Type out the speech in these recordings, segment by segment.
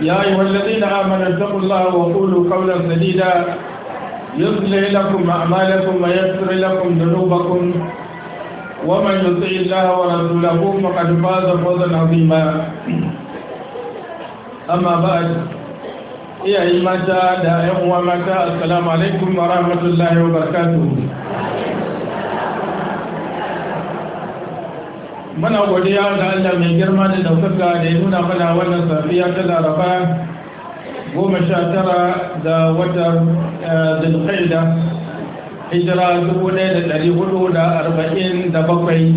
يا أيها الذين آمنوا اتقوا الله وقولوا قولا سديدا يصلح لكم أعمالكم ويغفر لكم ذنوبكم ومن يطع الله ورسوله فقد فاز فوزا عظيما أما بعد يا إيه متى دائم ومتى السلام عليكم ورحمة الله وبركاته muna godiya ga Allah mai girma da daukaka da ya nuna mana wannan safiya ta laraba goma sha tara da watan eh, zulqaida hijira dubu ɗaya da ɗari hudu da arba'in da bakwai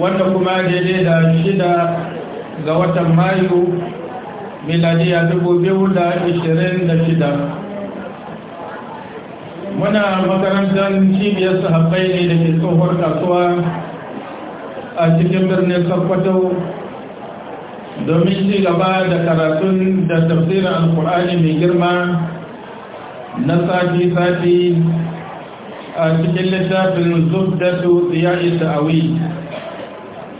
wanda kuma daidai da shida ga watan mayu miladiya dubu biyu da ishirin da shida muna makarantar cibiyar sahabbai ne da ke tsohuwar kasuwa a cikin birnin sarkwato domin ci gaba da karatun da tafsirin alkur'ani mai girma na sati-sati a cikin littafin zubdatu tsiyayi ta'awi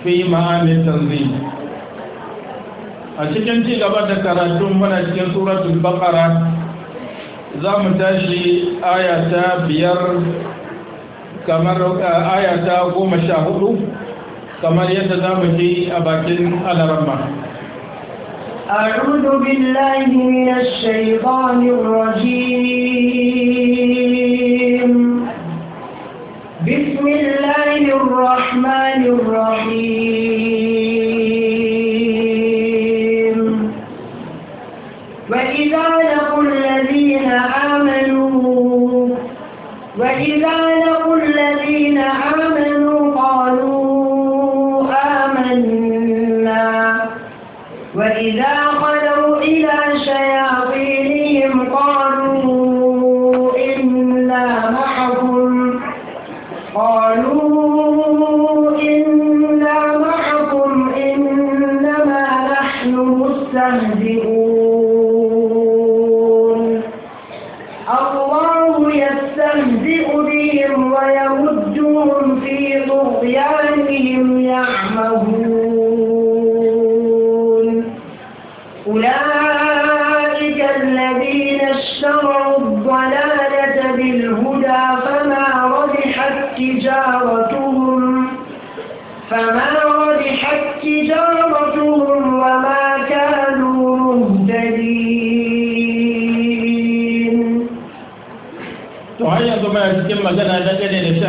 fi ma'amin tanzi a cikin ci gaba da karatun mana cikin suratun bakara za mu tashi ayata biyar kamar ayata goma sha hudu kamar yadda في mu ji a أعوذ بالله من الشيطان الرجيم بسم الله الرحمن الرحيم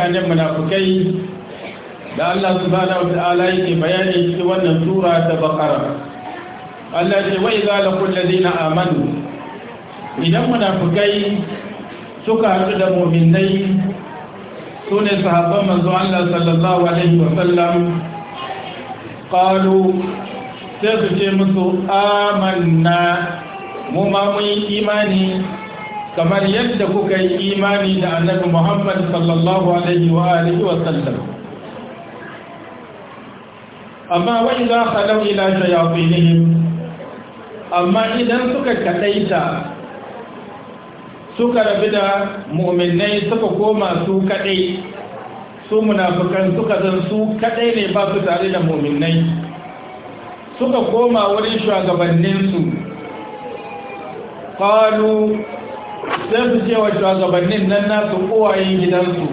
mutanen munafukai da Allah subhanahu wa ta'ala yake bayani cikin wannan tura ta Baqara Allah ce wai za idza laqul ladina amanu idan munafukai suka haɗu da mu'minai su ne sahabban manzo Allah sallallahu alaihi wa sallam qalu sai su ce musu amanna mu ma mun yi imani kamar yadda kuka yi imani da annabi Muhammad sallallahu alaihi wa alihi wa sallam amma wa idza khalu ila shayatinihim amma idan suka kadaita suka rabu da mu'minai suka koma su kadai su munafikan suka zan su kadai ne ba su tare da mu'minai suka koma wurin shugabanninsu qalu sai su ce wa shugabannin nan nasu kowayen gidansu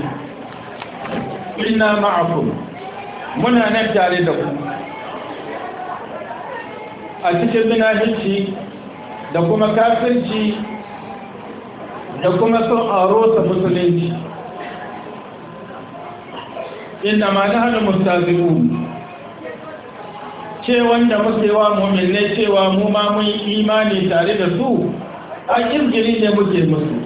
ina ma'akum muna nan tare da ku a cikin zinahici da kuma kafinci da kuma sun aro ta musulunci inda ma na hannun mustazibu ce wanda muke wa mummune cewa mu ma mun imani tare da su an izgiri ne muke musu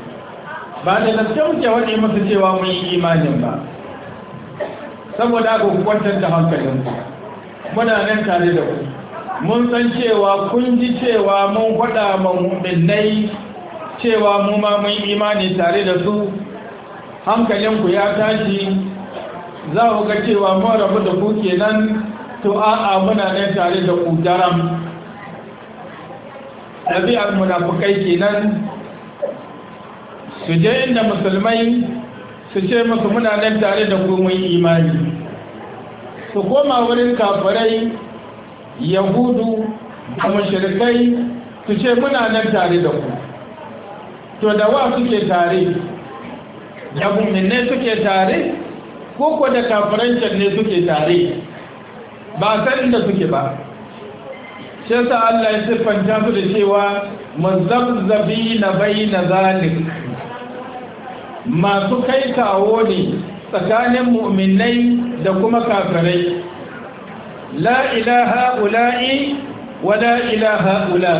ba da gaske muke waɗe musu cewa mun yi imanin ba saboda haka ku kwantar da hankalinku muna nan tare da ku mun san cewa kun ji cewa mun faɗa ma mu'minai cewa mu ma mun imani tare da su hankalin ku ya tashi za ku ga cewa mun rabu da ku kenan to a'a muna nan tare da ku daram ɗabi'ar munafukai kenan su je inda musulmai su ce musu muna nan tare da gomin imani su koma wurin kafirai yahudu da mashirkai su ce muna nan tare da ku to da wa suke tare da ne suke tare ko ko da kafirancin ne suke tare ba san inda suke ba shi yasa Allah ya siffanta su da cewa mazabzabi na bai na zalik masu kai kawo ne tsakanin mu'minai da kuma kafirai la ilaha ula'i wa la ilaha ula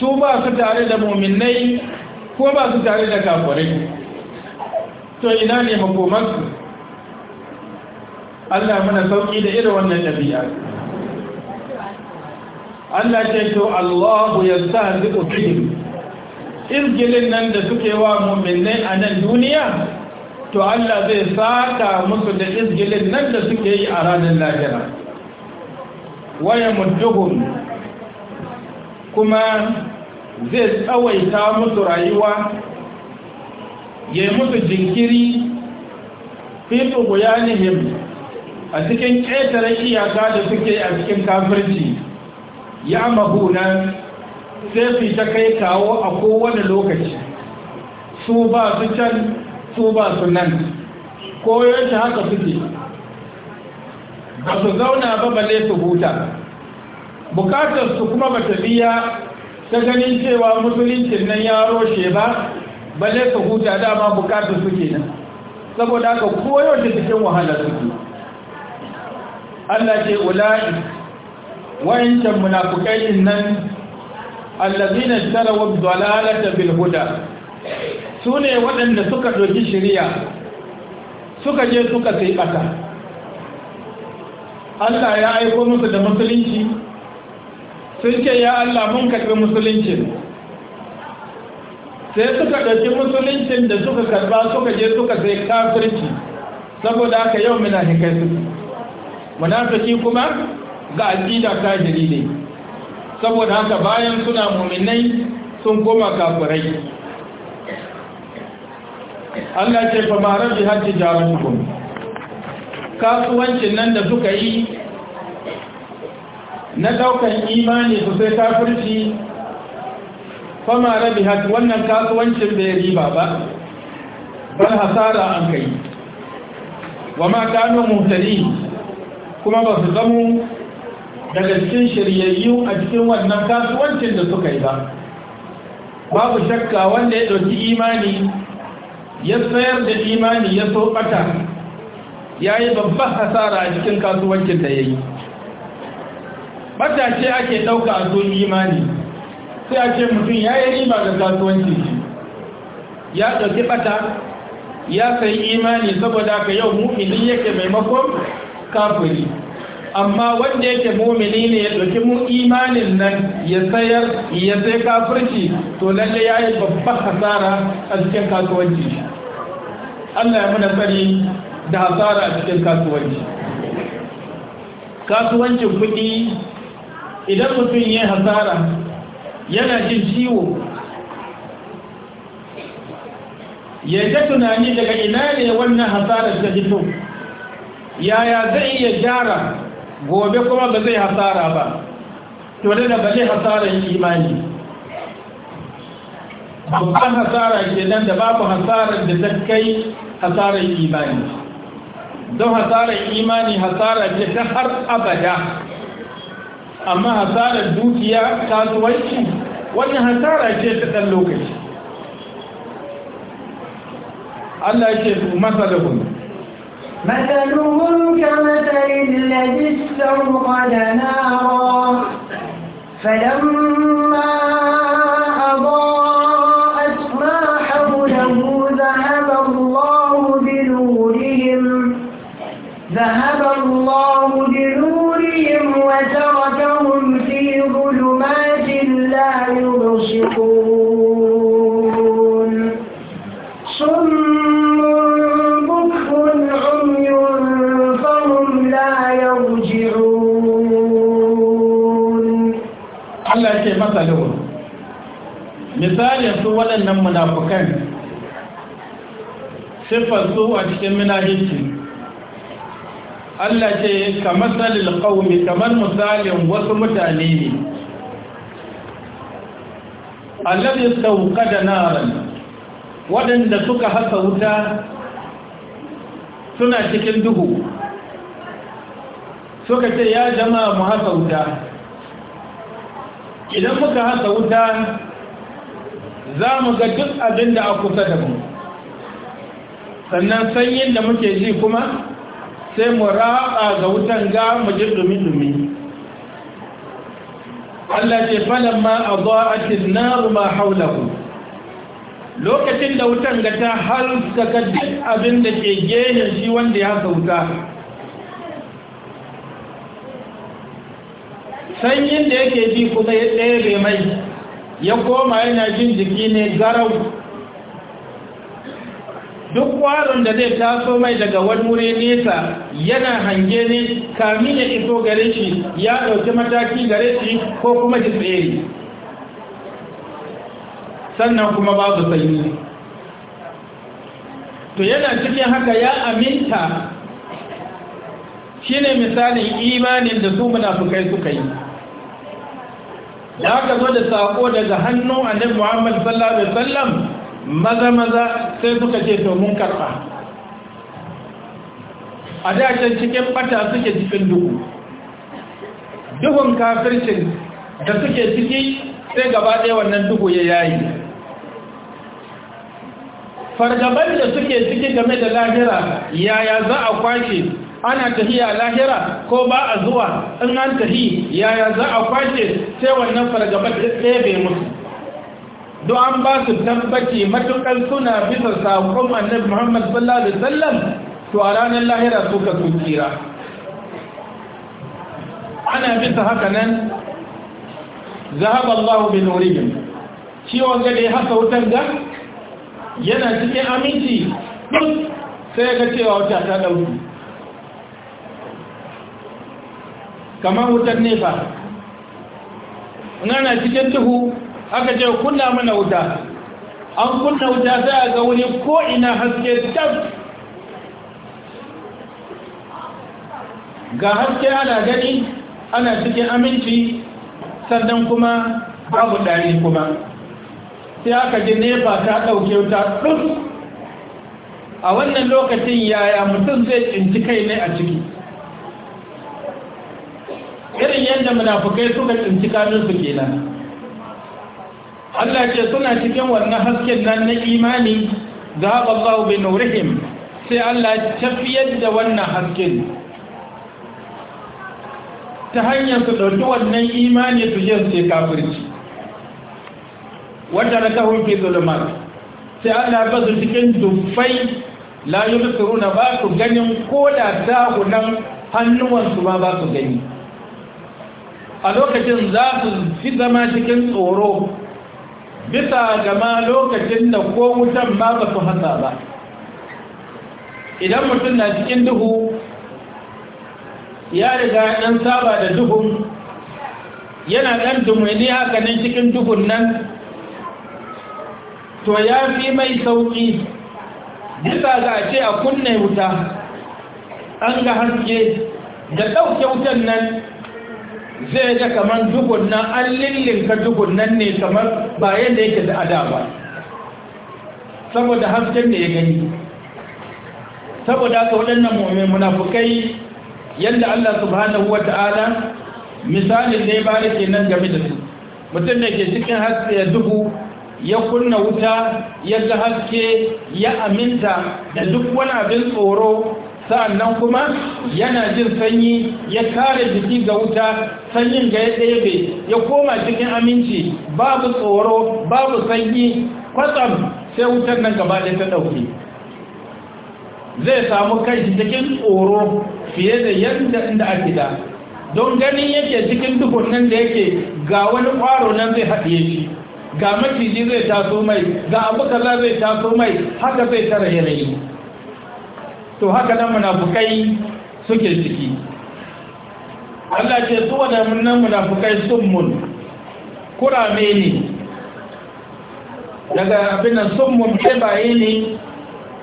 su ba su tare da mu'minai ko ba su tare da kafirai to ina ne makomansu Allah mana sauki da irin wannan ɗabi'a Allah ce to Allahu yastahzi'u bihim irgilin nan da suke wa mu'minai a nan duniya to Allah zai saka musu da irgilin nan da suke yi a ranar lahira waya mudduhum kuma zai tsawaita musu rayuwa ya musu jinkiri fi nihim a cikin ƙetare iyaka da suke a cikin kafirci ya mahuna sai su ta kai kawo a kowane lokaci su ba su can su ba su nan koyon haka suke ba su zauna ba balle su huta bukatar su kuma ba ta biya ta ganin cewa musulunci nan ya roshe ba balle su huta dama bukatar suke nan saboda haka koyon cikin wahalar suke Allah ce ula'i wa'incan munafukai din nan allazina tarawu dalalata bil huda sune waɗanda suka doki shari'a suka je suka sai bata Allah ya aiko musu da musulunci sun ce ya Allah mun karɓi musuluncin sai suka ɗauki musuluncin da suka karɓa suka je suka sai kafirci saboda haka yau muna hikai su munafiki kuma ga aƙida ta ne saboda haka bayan suna muminai sun koma kafirai Allah ce fa ma hajji jarumkun kasuwancin nan da suka yi na daukan imani su sai kafirci fa ma hajji wannan kasuwancin bai riba ba Ban hasara an kai wa ma kanu muhtadi kuma ba su zamo daga cikin shiryayyu a cikin wannan kasuwancin da suka yi ba babu shakka wanda ya ɗauki imani ya sayar da imani ya so ɓata ya yi babban hasara a cikin kasuwancin da ya yi ce ake ɗauka a so imani sai a ce mutum ya yi riba ga kasuwancin ya ɗauki ɓata ya sayi imani saboda ka yau mu'minin yake maimakon kafiri amma wanda yake mumini ne ya ɗauki mu imanin nan ya sayar ya sai kafirci to lalle ya yi babban hasara a cikin kasuwanci Allah ya muna tsari da hasara a cikin kasuwanci kasuwancin kuɗi idan mutum ya hasara yana jin ciwo ya ta tunani daga ina ne wannan hasara ta fito yaya zai iya gyara gobe kuma ba zai hasara ba to da ba zai hasaran imani babban hasara ke nan da babu hasarar da ta kai hasarar imani don hasarar imani hasara ce ta har abada amma hasarar dukiya kasuwanci wani hasara ce ta ɗan lokaci Allah ya ce masalahun مثلهم كمثل الذي فلما waɗannan munafukan siffar su a cikin minahinci Allah ce ka matsalil ƙaumi kamar misalin wasu mutane ne allazi sauka da naran waɗanda suka haka wuta suna cikin duhu suka ce ya jama mu haka wuta idan muka haka wuta za mu ga duk abin da a kusa da mu sannan sanyin da muke ji kuma sai mu raɓa ga wutan ga mu ji dumi-dumi Allah ce falon ma a zo'atin naru ma haulahu lokacin da wutan ga ta ga duk abin da ke genin shi wanda ya sauka sanyin da yake ji kuma ya tsere mai ya koma yana jin jiki ne garau duk kwaron da zai taso mai daga wani wuri nesa yana hange ne kami ya iso gare shi ya ɗauki mataki gare shi ko kuma ji tsere sannan kuma babu sanyi to yana cikin haka ya aminta shine misalin imanin da su munafukai suka yi da aka zo da sako daga hannun annabi Muhammad sallallahu alaihi wasallam maza maza sai suka ce to mun karba a da can cikin bata suke cikin duhu duhun kafircin da suke ciki sai gaba ɗaya wannan duhu ya yayi fargaban da suke ciki game da lahira yaya za a kwashe ana a lahira ko ba a zuwa in an tahi yaya za a kwashe sai wannan fargabar ɗebe musu don an ba su tabbaci matuƙar suna bisa saƙon annabi muhammad sallallahu alaihi wasallam to a ranar lahira suka tsira ana bisa haka nan zahaba bin ciwon gade hasa wutar ga yana cikin aminci sai ga cewa wata ta ɗauki kamar wutar nefa ana cikin duhu aka ce kunna mana wuta an kunna wuta sai a ga wuri ko ina haske tab ga haske ana gani ana cikin aminci sannan kuma babu ɗari kuma sai aka ji nefa ta ɗauke wuta ɗus a wannan lokacin yaya mutum zai tsinci kai ne a ciki irin yadda munafukai suka tsinci kanunsu kenan Allah ce suna cikin wannan hasken nan na imani zaba Allah bin nurihim sai Allah tafiyar da wannan hasken ta hanyar su ɗauki wannan imani su je su kafirci wanda na tahun fi zulumar sai Allah ba su cikin dubbai la yubsiruna ba su ganin ko da hunan hannuwansu ma ba su gani a lokacin za su fi zama cikin tsoro bisa gama lokacin da ko wutan ba ba su hasa ba idan mutum na cikin duhu ya riga ɗan saba da duhun yana ɗan dumuni haka cikin duhun nan to ya fi mai sauƙi bisa ga ce a kunne wuta an ga haske da ɗauke wutan nan zai ga kamar nan an lillinka nan ne kamar ba yadda yake da ada ba saboda hasken da ya gani saboda haka waɗannan mumin munafukai yadda Allah subhanahu wa ta'ala misalin ne ba da ke nan game da su mutum da ke cikin haske ya dubu ya kunna wuta ya ga haske ya aminta da duk wani abin tsoro sa'annan kuma yana jin sanyi ya kare jiki ga wuta sanyin ga ya ɗebe ya koma cikin aminci babu tsoro babu sanyi kwatsam sai wutar nan gaba ɗaya ta ɗauki zai samu kai cikin tsoro fiye da yadda inda a gida don ganin yake cikin dukkan nan da yake ga wani ƙwaro nan zai haɗiye shi ga maciji zai taso mai ga abu kaza zai taso mai haka zai tara yanayi to haka nan munafukai suke ciki Allah ce su nan munafukai sun mun kurame ne daga abin sun mun baye ne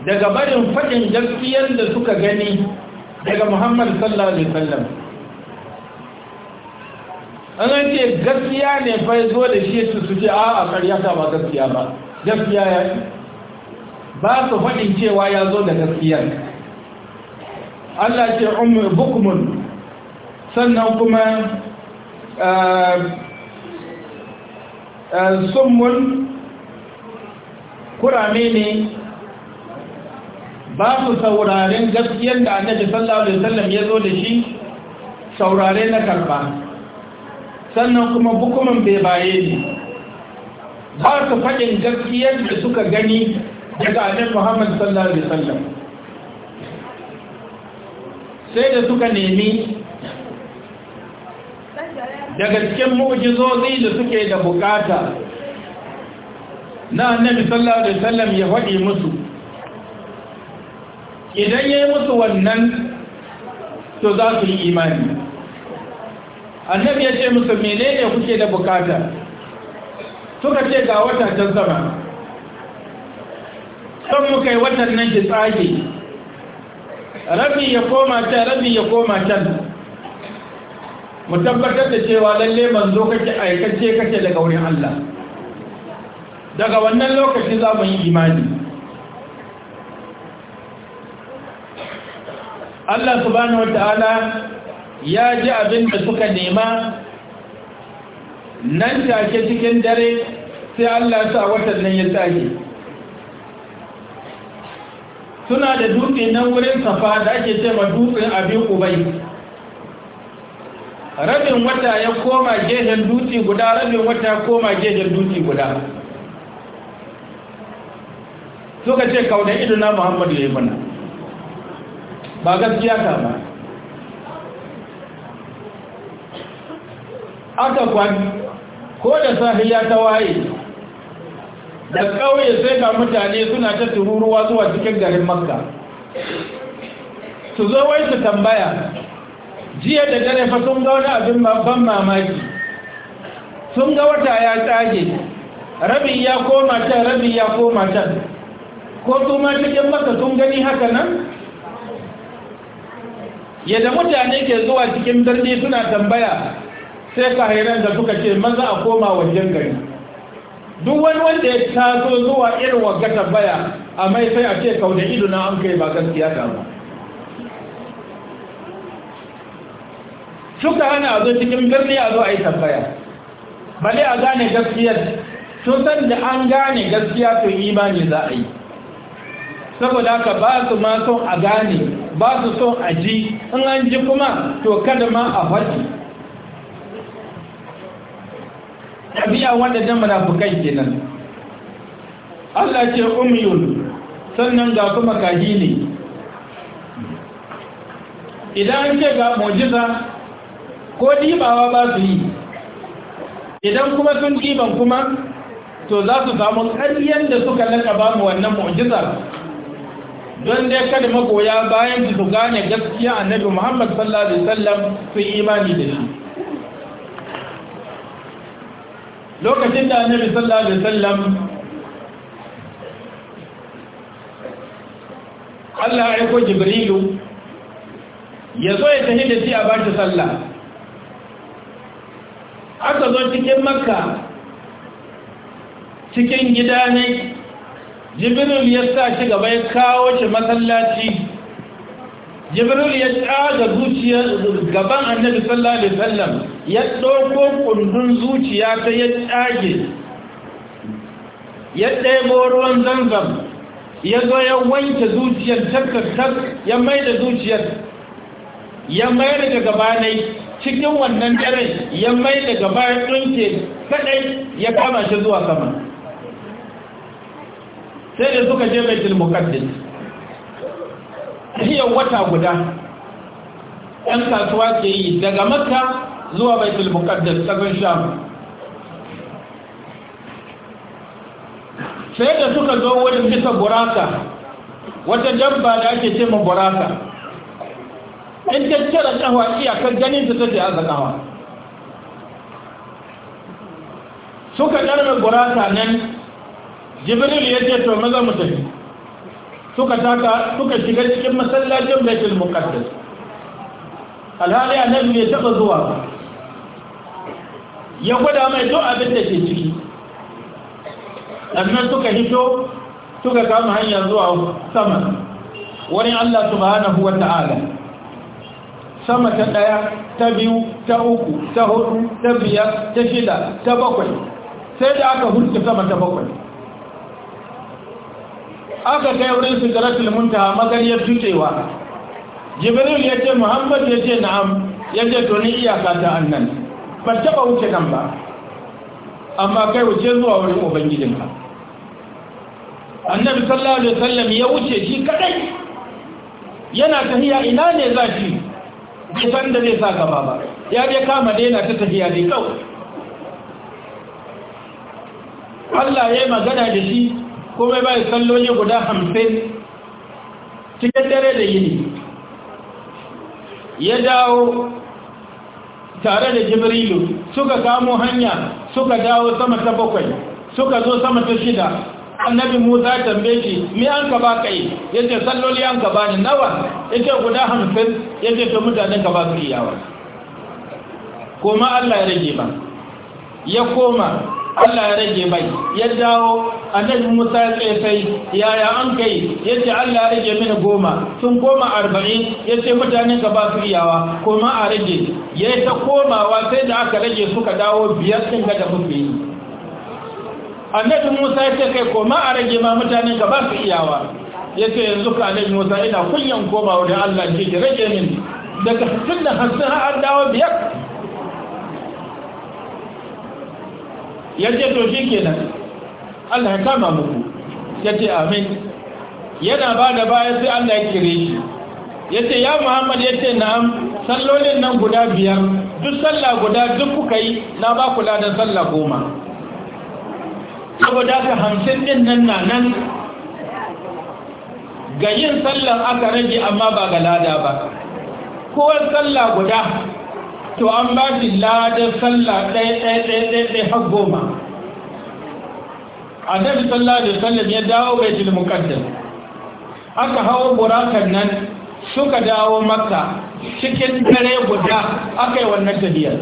daga barin faɗin gaskiyar da suka gani daga Muhammad sallallahu alaihi wasallam an ce gaskiya ne fa zo da shi su su ce a a ta ba gaskiya ba gaskiya ya ba su faɗin cewa ya zo da gaskiyar Allah ce umar bukumun sannan kuma eh, eh, sunmun kurame ne ba su sauraren gaskiyar da annabi sallallahu alaihi wasallam ya zo da shi saurare na karba sannan kuma bukumin bai baye ne ba su faɗin gaskiyar da suka gani daga annabi Muhammad sallallahu alaihi wasallam sai da suka nemi daga cikin mu'jizozi da suke da bukata na annabi sallallahu alaihi wasallam ya faɗi musu idan ya yi musu wannan to za su yi imani annabi ya ce musu menene kuke da bukata suka ce ga wata can sama son muka yi watan nan ki tsage rabi ya koma can rabi ya koma can mu tabbatar da cewa lalle manzo kake aikace kake daga wurin Allah daga wannan lokaci za mu yi imani Allah subhanahu wa Ta'ala ya ji abin da suka nema nan take cikin dare sai Allah ya sa watan nan ya tsage suna da dutse nan wurin safa da ake ce ma dutsen abin ubai rabin wata ya koma gejen dutse guda rabin wata koma gejen dutse guda suka ce kaunar iduna muhammadu ya yi mana ba gaskiya ta ba aka kwan ko da sahiya ta waye da ƙauye sai ga mutane suna ta tururuwa zuwa cikin garin makka su zo wai su tambaya jiya da dare fa sun ga wani abin ban mamaki sun ga wata ya tsage Rabi ya koma can Rabi ya koma can ko su ma cikin makka sun gani haka nan yadda mutane ke zuwa cikin birni suna tambaya sai ka hairan da suka ce maza a koma wajen gari duk wani wanda ya taso zuwa irin ga tambaya a mai sai a ce kauda ido na an kai ba gaskiya ta ba suka hana a zo cikin birni a zo a yi tambaya bale a gane gaskiyar sun da an gane gaskiya to imani za a yi saboda haka ba su ma son a gane ba su son a ji in an ji kuma to kada ma a faɗi Tabiya wanda da munafukai kenan Allah ce umyun sannan ga kuma kaji ne idan an ce ga mujiza ko dibawa ba su yi idan kuma sun diban kuma to za su samu ƙaryen da suka laka ba mu wannan mujiza don dai kada magoya bayan su gane gaskiya annabi Muhammad sallallahu alaihi wasallam su imani da shi lokacin da annabi sallallahu alaihi wasallam Allah ya aiko Jibrilu ya zo ya tafi da shi a bashi sallah aka zo cikin makka cikin gida ne jibril ya sa shi gaba ya kawo shi masallaci jibril ya tsaga zuciya gaban annabi sallallahu alaihi wasallam ya dauko kundin zuciya ta ya tsage ya ɗebo ruwan zanzam ya zo ya wanke zuciyar takkakar ya mai da zuciyar ya mai da gabanai cikin wannan daren ya mai da gabanai ɗunke kadai ya kama shi zuwa sama sai da suka je baitul muqaddas miliyan wata guda ‘yan kasuwa ke yi daga mata zuwa baitul muqaddas ƙasar sham sai da suka zo wurin bisa buraka wata dabba da ake ce ma buraka in ta cire iya iyakar ganin ta take azakawa suka ɗarme buraka nan jibril ya ce to maza mutane suka taka suka shiga cikin masallacin baitul muqaddas alhali annabi bai taba zuwa ba ya gwada mai duk abin da ke ciki sannan suka hito suka kama hanya zuwa sama wani Allah subhanahu wa ta'ala sama ta ɗaya ta biyu ta uku ta hudu ta biyar ta shida ta bakwai sai da aka hulka sama ta bakwai aka kai wurin sigaratul muntaha magariyar dutsewa jibril ya ce muhammad ya ce na'am ya ce to ni iyaka ta annan ba taba wuce nan ba amma kai wuce zuwa wurin ubangijinka annabi sallallahu alaihi wasallam ya wuce shi kadai yana tafiya ina ne za shi bai san da zai sa gaba ba ya dai kama daina ta tafiya dai kawai Allah ya yi magana da shi Komai bai salloli guda hamsin cikin dare da yini ya dawo tare da jibrilu suka kamo hanya suka dawo sama ta bakwai suka zo sama ta shida annabi musa ya tambaye shi me an ka ba kai ce salloli an ka ni nawa Ya ce guda hamsin Ya ce to mutanen ka ba su iyawa Koma Allah ya rage ba ya koma Allah ya rage mai ya dawo annabi Musa ya tsaye sai ya an kai yace Allah ya rage mini goma sun goma arba'in yace mutanen ka ba su iyawa koma a rage ya ta komawa sai da aka rage suka dawo biyar sun ga da muke yi annabi Musa ya ce kai koma a rage ma mutanen ka ba su iyawa yace yanzu ka annabi Musa ina kunyan komawa da Allah ke rage min daga 60 har 50 har dawo biyar ya ce to shi kenan Allah ya kama muku ya ce amin yana ba da baya sai Allah ya kire shi ya ce ya muhammad ya ce na'am sallolin nan guda biyar duk salla guda duk kuka yi na ba kula da sallah goma saboda ka hamsin din nan na nan ga yin sallar aka rage amma ba ga lada ba kowar salla guda to an ba shi ladar sallah ɗaya ɗaya ɗaya ɗaya ɗaya har goma annabi sallah da sallah ya dawo baitul muqaddas aka hawa burakan nan suka dawo maka cikin dare guda aka yi wannan tafiyar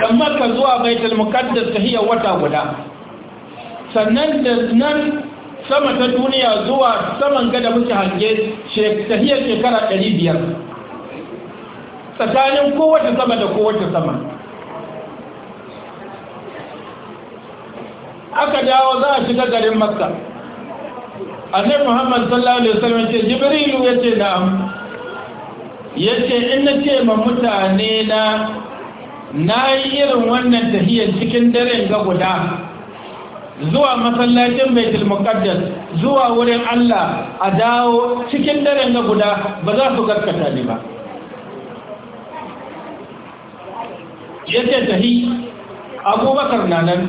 da maka zuwa bai baitul ta hiyar wata guda sannan da nan sama ta duniya zuwa saman gada muke hange tahiyar shekara ɗari biyar tsakanin kowace sama da kowace sama aka dawo za a shiga garin makka annai muhammad sallallahu alaihi wasallam ce jibrilu ya ce na'am ya ce in na ce ma mutane na na yi irin wannan tahiyar cikin daren ga guda zuwa masallacin baitul muqaddas zuwa wurin Allah a dawo cikin daren na guda ba za su gaskata ne ba yake tahi abubakar na nan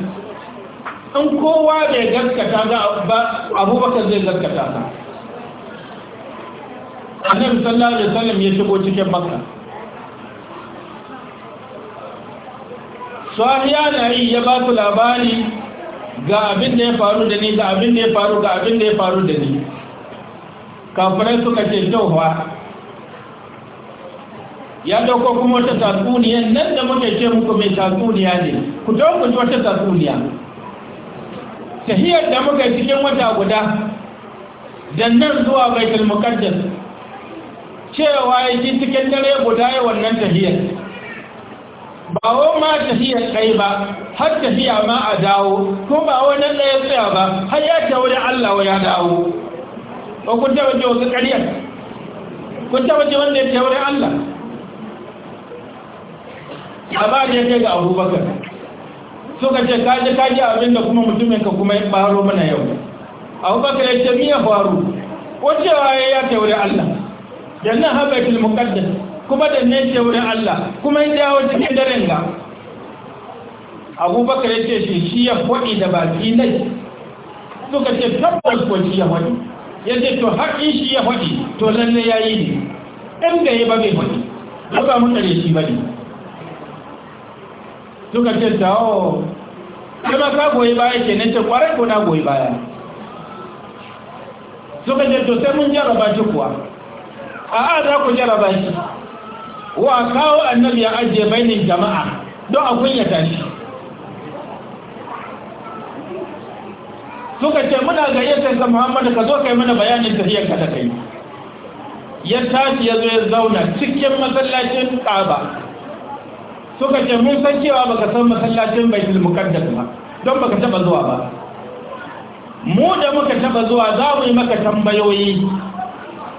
in kowa bai gaskata ba abubakar zai gaskata ba annabi sallallahu alaihi wasallam ya shigo cikin makka sahiya na yi ya ba su labari ga abin da ya faru da ni ga abin da ya faru ga abin da ya faru da ni kafirai suka ce tauwa ya dauko kuma wata tatsuniya nan da muke ce muku mai tatsuniya ne ku dauko wata tatsuniya tahiyar da muka cikin wata guda da nan zuwa baitul muqaddas cewa yi cikin dare guda ya wannan tahiyar ba wa ma tafiya kai ba har tafiya ma a dawo ko ba wani ɗaya tsaya ba har ya ta wani Allah wa ya dawo ba kun ta ji wasu ƙaryar kun ta ji wanda ya ta wani Allah a ba da ya kai ga abubakar suka ce kaji kaji abin da kuma mutumin ka kuma ya faro mana yau abubakar ya ce miya faru wacewa ya ya ta wani Allah yannan haɓaitul muƙaddas kuma da ne ce wurin Allah kuma ya dawo cikin daren ga abubakar ya ce shi shi ya faɗi da fi nai suka ce tabbas ko shi ya faɗi ya ce to haƙin shi ya faɗi to lalle ya yi ne ɗan ga ya ba bai faɗi ba ba mu tsare shi ba ne suka ce ta o kuma ka goyi baya ke nan ce kwarai ko na goyi baya suka ce to sai mun jaraba shi kuwa a'a za ku jaraba shi wa kawo annabi ya ajiye bainin jama'a don a kunyata shi suka ce muna ga iya ka muhammadu ka zo kai mana bayanin tafiyar ka ta kai ya tashi ya zo ya zauna cikin masallacin ƙaba suka ce mun san cewa baka san masallacin baitul da ba don baka taba zuwa ba mu da muka taba zuwa za mu yi maka tambayoyi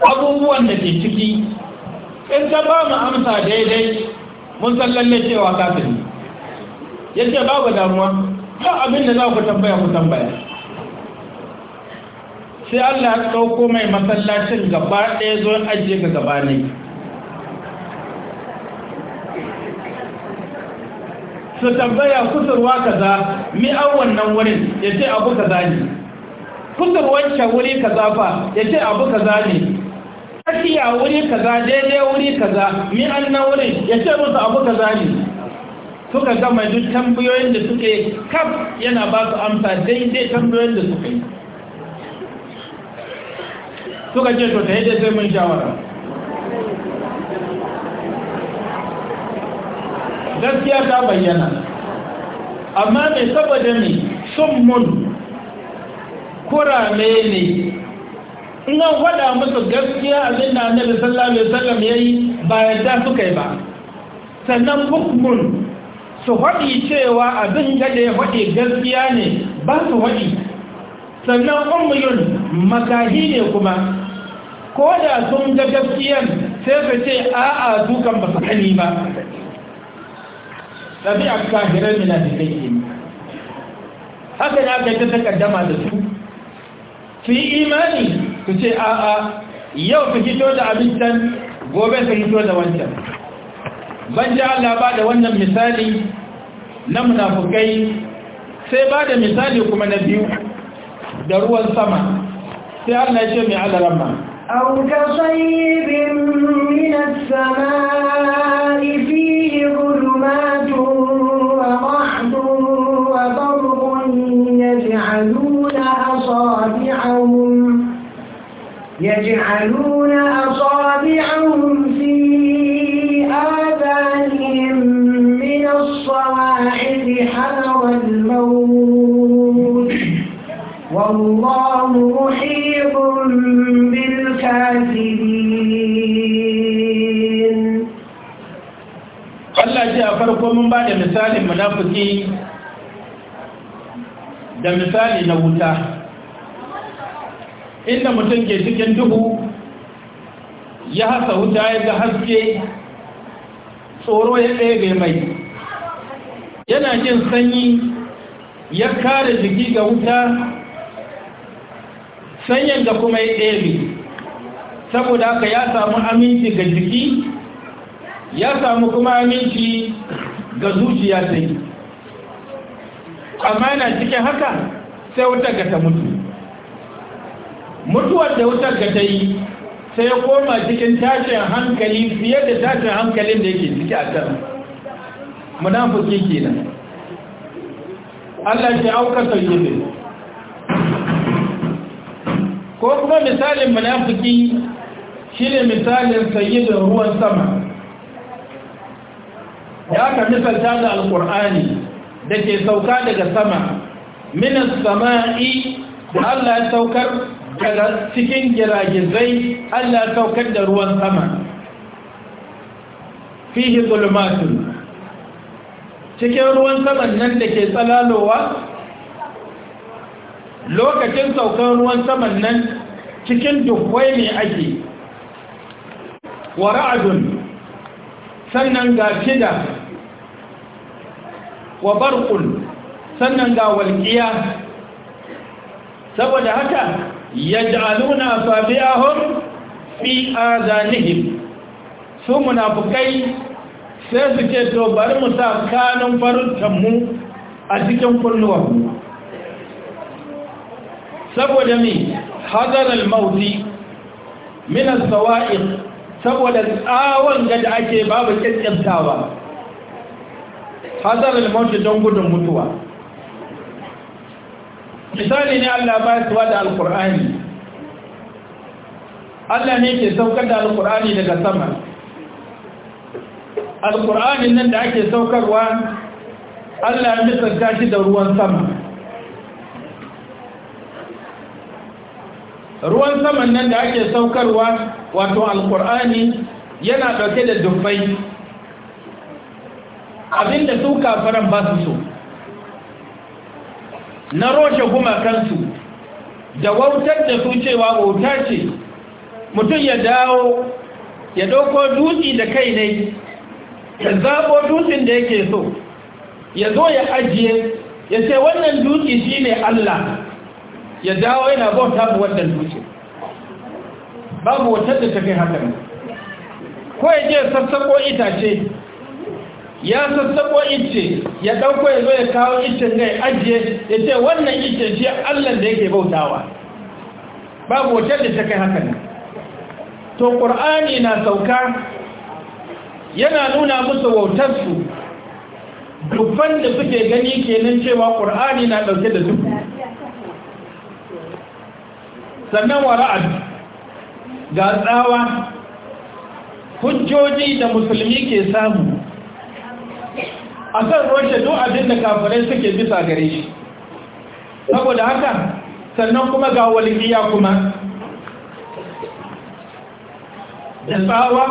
abubuwan da ke ciki in ka ba mu amsa daidai mun san lalle cewa kafin ce ba babu damuwa ba abin da za ku tambaya ku tambaya sai Allah ya sauko mai masallacin gaba ɗaya zo ajiye ga gaba ne su tambaya kusurwa kaza mi an wannan wurin ya ce abu kaza ne kusurwancan wuri kaza fa ya ce abu kaza ne tsakiya wuri kaza daidai wuri kaza mi na wurin ya ce musu abu kaza ne suka gama duk tambayoyin da suke kaf yana ba su amsa daidai tambayoyin da suka yi suka ce to ta yadda sai mun shawara gaskiya ta bayyana amma mai saboda ne sun mun kurame ne in an faɗa musu gaskiya abin da annabi sallallahu alaihi wasallam yayi ba yadda suka yi ba sannan hukmun su haɗi cewa abin da ya faɗi gaskiya ne ba su haɗi sannan ummiyun makahi ne kuma ko da sun ga gaskiyan sai su ce a'a dukan ba su sani ba a kahirar minafikai ne haka ya kai ta takaddama da su su yi imani su ce a'a yau su hito da abincin gobe su hito da wancan ban ji Allah ba da wannan misali na munafukai sai ba da misali kuma na biyu da ruwan sama sai Allah ya ce mai alarama أو كصيب من السماء فيه ظلمات يجعلون أصابعهم يجعلون أصابعهم في آذانهم من الصواعد حذر الموت والله محيط بالكافرين الله جاء a farko mun ba da misalin munafiki da inda mutum ke cikin duhu ya hasa wuta ya ga haske tsoro ya ɗaya mai yana jin sanyi ya kare jiki ga wuta sanyin da kuma ya ɗebe saboda haka ya samu aminci ga jiki ya samu kuma aminci ga zuciya ta yi amma yana cikin haka sai wuta ga ta mutu mutuwar da wutar ka ta yi sai ya koma cikin tashin hankali fiye da tashin hankalin da yake ciki a can munafuki kenan Allah shi auka ne. ko kuma misalin munafiki shine misalin sayyidin ruwan sama ya aka misalta da alkur'ani da ke sauka daga sama minas sama'i da Allah ya saukar cikin giragizai Allah saukar da ruwan sama fihi zulmatun cikin ruwan saman nan da ke tsalalowa lokacin saukar ruwan saman nan cikin dukwai ne ake wa ra'adun sannan ga shida wa barkul sannan ga walƙiya saboda haka yaj'aluna asabi'ahum fi adanihim su munafukai sai su ce to bari mu sa kanun farutanmu a cikin kulluwan saboda mi hadar al-mauti min as-sawa'iq saboda tsawon da ake babu kyakkyantawa, hadar al-mauti don gudun mutuwa misali ne Allah ba wada da qurani Allah ne ke saukar da al-Qur'ani daga sama al-Qur'ani nan da ake saukarwa Allah ya misalta shi da ruwan sama ruwan saman nan da ake saukarwa wato al-Qur'ani yana dauke da dubbai abinda su kafaran ba su so na roshe gumakansu da wautar da su cewa wauta ce mutum ya dawo ya dauko dutse da kai ne ya zaɓo dutsen da yake so ya zo ya ajiye ya ce wannan dutse shi ne Allah ya dawo yana bauta mu wannan dutse babu wautar da ta kai haka ko ya je sassako itace ya sassaƙo ice ya ɗauko ya zo ya kawo icen gai ajiye ya ce wannan icen shi allan da yake bautawa babu wacce da ta kai haka ne. to ƙur'ani na sauka yana nuna musu wautarsu dubban da suke gani kenan cewa ƙur'ani na ɗauke da duk. sannan wara'ad ga tsawa hujjoji da musulmi ke samu a kan roshe duk abin da kafirai suke bisa gare shi saboda haka sannan kuma ga walƙiya kuma da tsawa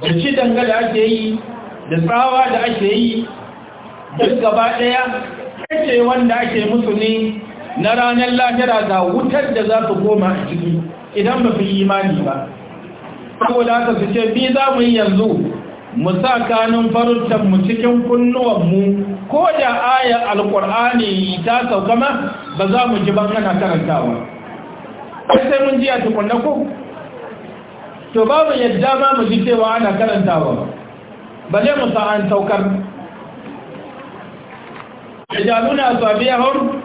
da ci danga da ake yi da tsawa da ake yi duk gaba ɗaya kace wanda ake musu ne na ranar lahira ga wutar da za su koma a ciki idan ba yi imani ba saboda haka su ce bi za mu yi yanzu mu sa kanin cikin kunnuwan mu ko da ayar alkur'ani ta sauka ma ba za mu ji ban ana karantawa sai mun ji a tukunna ko to babu yadda ma mu ji cewa ana karantawa ba zai mu sa'an saukar idanuna sabiyahum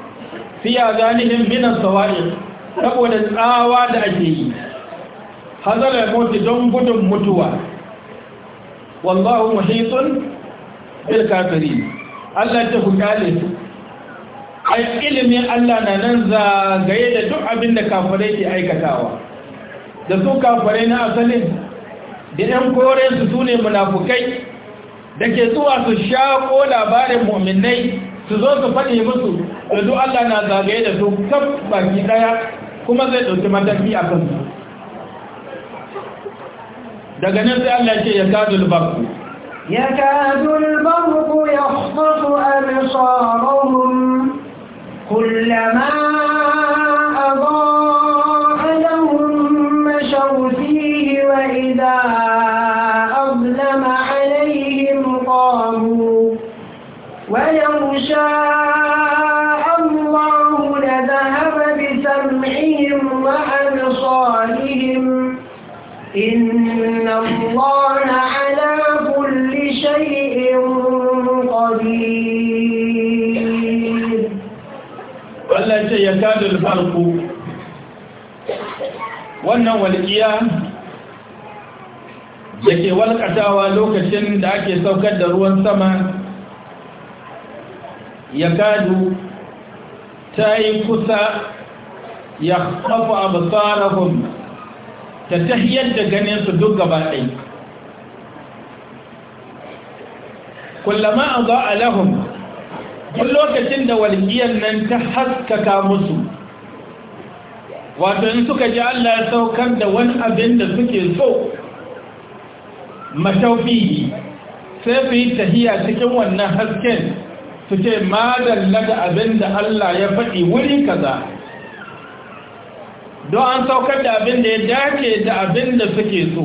fi azanihim min as-sawa'i saboda tsawa da ake yi hazala moti don gudun mutuwa wallahu muhitun bil kafiri Allah ta hukale ai ilimin Allah na nan zagaye da duk abin da kafirai ke aikatawa da su kafirai na asalin da ɗan koren su sune munafukai da ke zuwa su shaƙo labarin muminai su zo su faɗi musu da duk Allah na zagaye da su kaf baki ɗaya kuma zai ɗauki mataki a kansu daga nan sai Allah ce ya kadul barku ya kadul barku ya khusu absarahum kullama إن الله على كل شيء قدير والله يكاد الفرق wannan walƙiya da ke walƙatawa lokacin da ake saukar da ruwan sama ya kadu ta yi kusa ya kafa abu tsarahun ta tahiyar da ganin su duk gaba ɗai kullama a za a duk lokacin da walƙiyar nan ta haskaka musu wato in suka ji allah ya saukar da wani abin da suke so mataufi sai su yi tahiya cikin wannan hasken su ce madalla da abin da allah ya faɗi wuri kaza don an saukar da abin da ya dace da abin da suke so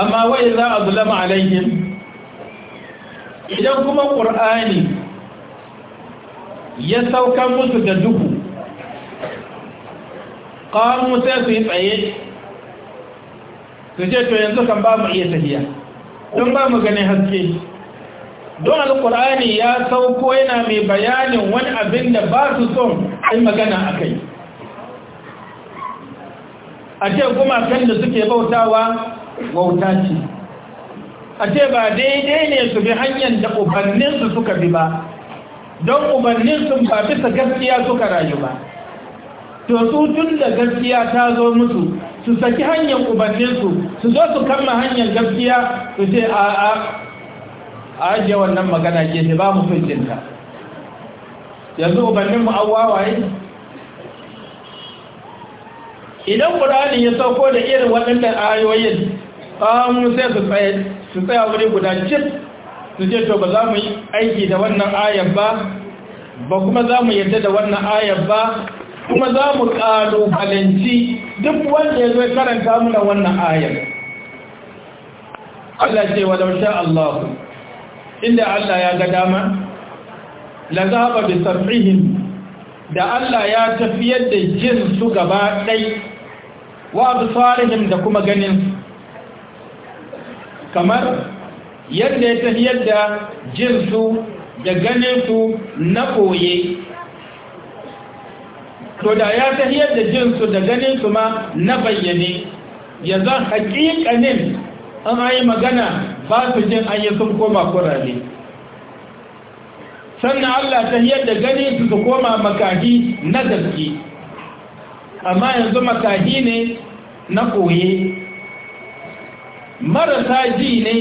amma wai za a zulama alaihim idan kuma ƙur'ani ya sauka musu da duhu ƙamu sai su yi tsaye su ce to yanzu kan ba mu iya tafiya don ba mu gane haske don alƙur'ani ya sauko yana mai bayanin wani abin da ba su son ai magana a kai a ce kan da suke bautawa wauta ce a ce ba daidai ne su bi hanyar da ubanninsu suka bi ba don ubanninsu ba bisa gaskiya suka rayu ba to su tun da gaskiya ta zo musu su saki hanyar ubanninsu su zo su kama hanyar gaskiya su ce a a a wannan magana ke ba mu sun yanzu ubanninmu an wawaye idan ƙurani ya sauko da irin waɗannan ayoyin ƙamu sai su tsaya wuri guda cip su ce to ba za mu yi aiki da wannan ayar ba ba kuma za mu yarda da wannan ayar ba kuma za mu ƙaru balanci duk wanda ya zo karanta muna wannan ayar Allah ce wa laushe Allah inda Allah ya ga dama la zaba bi sab'ihim da Allah ya tafiyar da jin su gaba dai wa absarihim da kuma ganin kamar yadda ya tafiyar da jin su da ganin su na koye to da ya tafiyar da jin su da ganin su ma na bayyane ya zan haƙiƙanin an ayi magana ba su jin an yi sun koma kurare sannan Allah ta yadda gani suka koma makahi na gaske amma yanzu makahi ne na koye marasa ji ne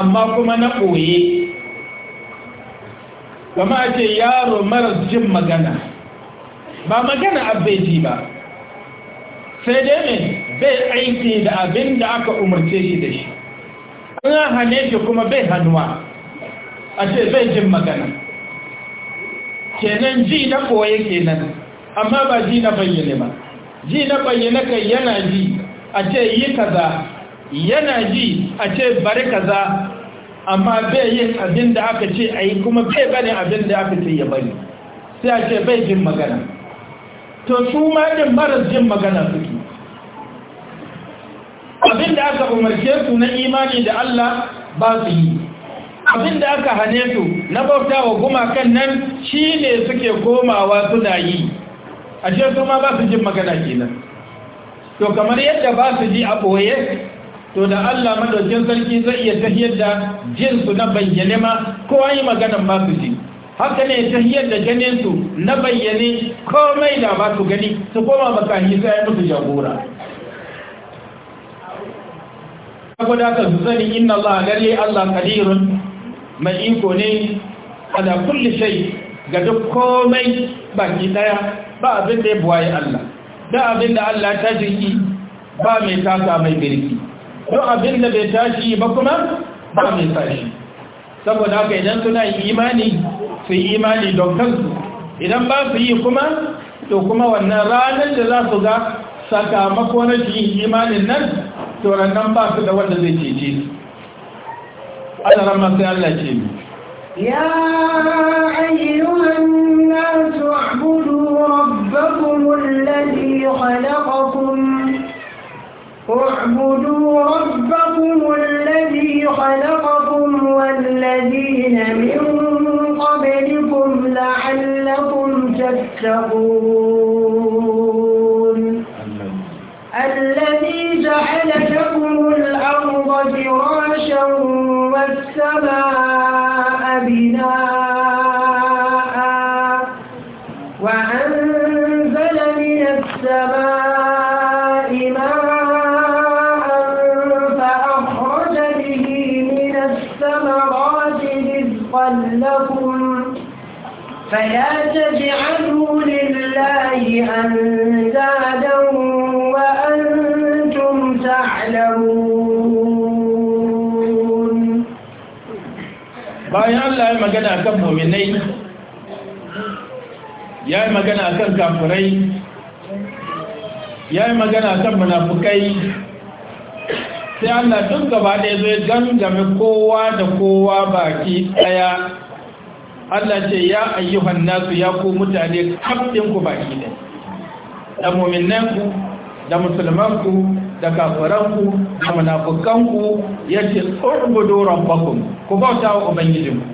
amma kuma na koye kama ce yaro maras jin magana ba magana abbeji ba sai dai ne bai aiki da abin da aka umarce shi da shi an hane shi kuma bai hannuwa a ce bai jin magana kenan ji na koye kenan amma ba ji na bayyane ba ji na bayyane kai yana ji a ce yi kaza yana ji a ce bari kaza amma bai yin abin da aka ce a yi kuma bai bane abin da aka ce ya bari sai a ce bai jin magana to su ma din maras jin magana suke abin da aka umarce su na imani da Allah ba su yi abin da aka hane su na bauta wa gumakan nan shi ne suke komawa suna yi a ce su ma ba su jin magana kenan to kamar yadda ba su ji a ɓoye to da allah madaukin sarki zai iya tahiyar da jinsu na bayyane ma ko an yi maganan ba su ji haka ne tahiyar da ganinsu na bayyane komai da ba su gani su koma makahi sai musu jagora saboda ka su sani inna allah lalle allah kadirun mai iko ne ala kulli shay ga duk komai baki daya ba abin da ya buwaye Allah da abin da Allah ta jirki ba mai tasa mai birki don abin da bai tashi ba kuma ba mai tashi saboda haka idan suna imani su yi imani don kansu idan ba su yi kuma to kuma wannan ranar da za su ga sakamakon rashin imanin nan to ranar ba su da wanda zai cece su ana nan masu Allah ke ya ayyuhan nasu abudu rabbakum alladhi اعبدوا ربكم الذي خلقكم والذين من قبلكم لعلكم تتقون الذي جعل لكم الأرض فراشا السماء بناء وأنزل من السماء ماء فأخرج به من الثمرات رزقا لكم فلا تجعلوا لله أندادا وأنتم تعلمون bayan Allah ya magana akan mu'minai ya yi magana akan kafirai ya yi magana kan munafukai sai Allah tun gaba ɗaya zai gangame kowa da kowa baki ɗaya Allah ce ya ayyuhan nasu ya ku mutane kafin baki ɗaya da mu'minan ku da musulmanku da kafaranku da munafukanku ya ce tsorbudu rabbakun ku bauta wa ubangijinku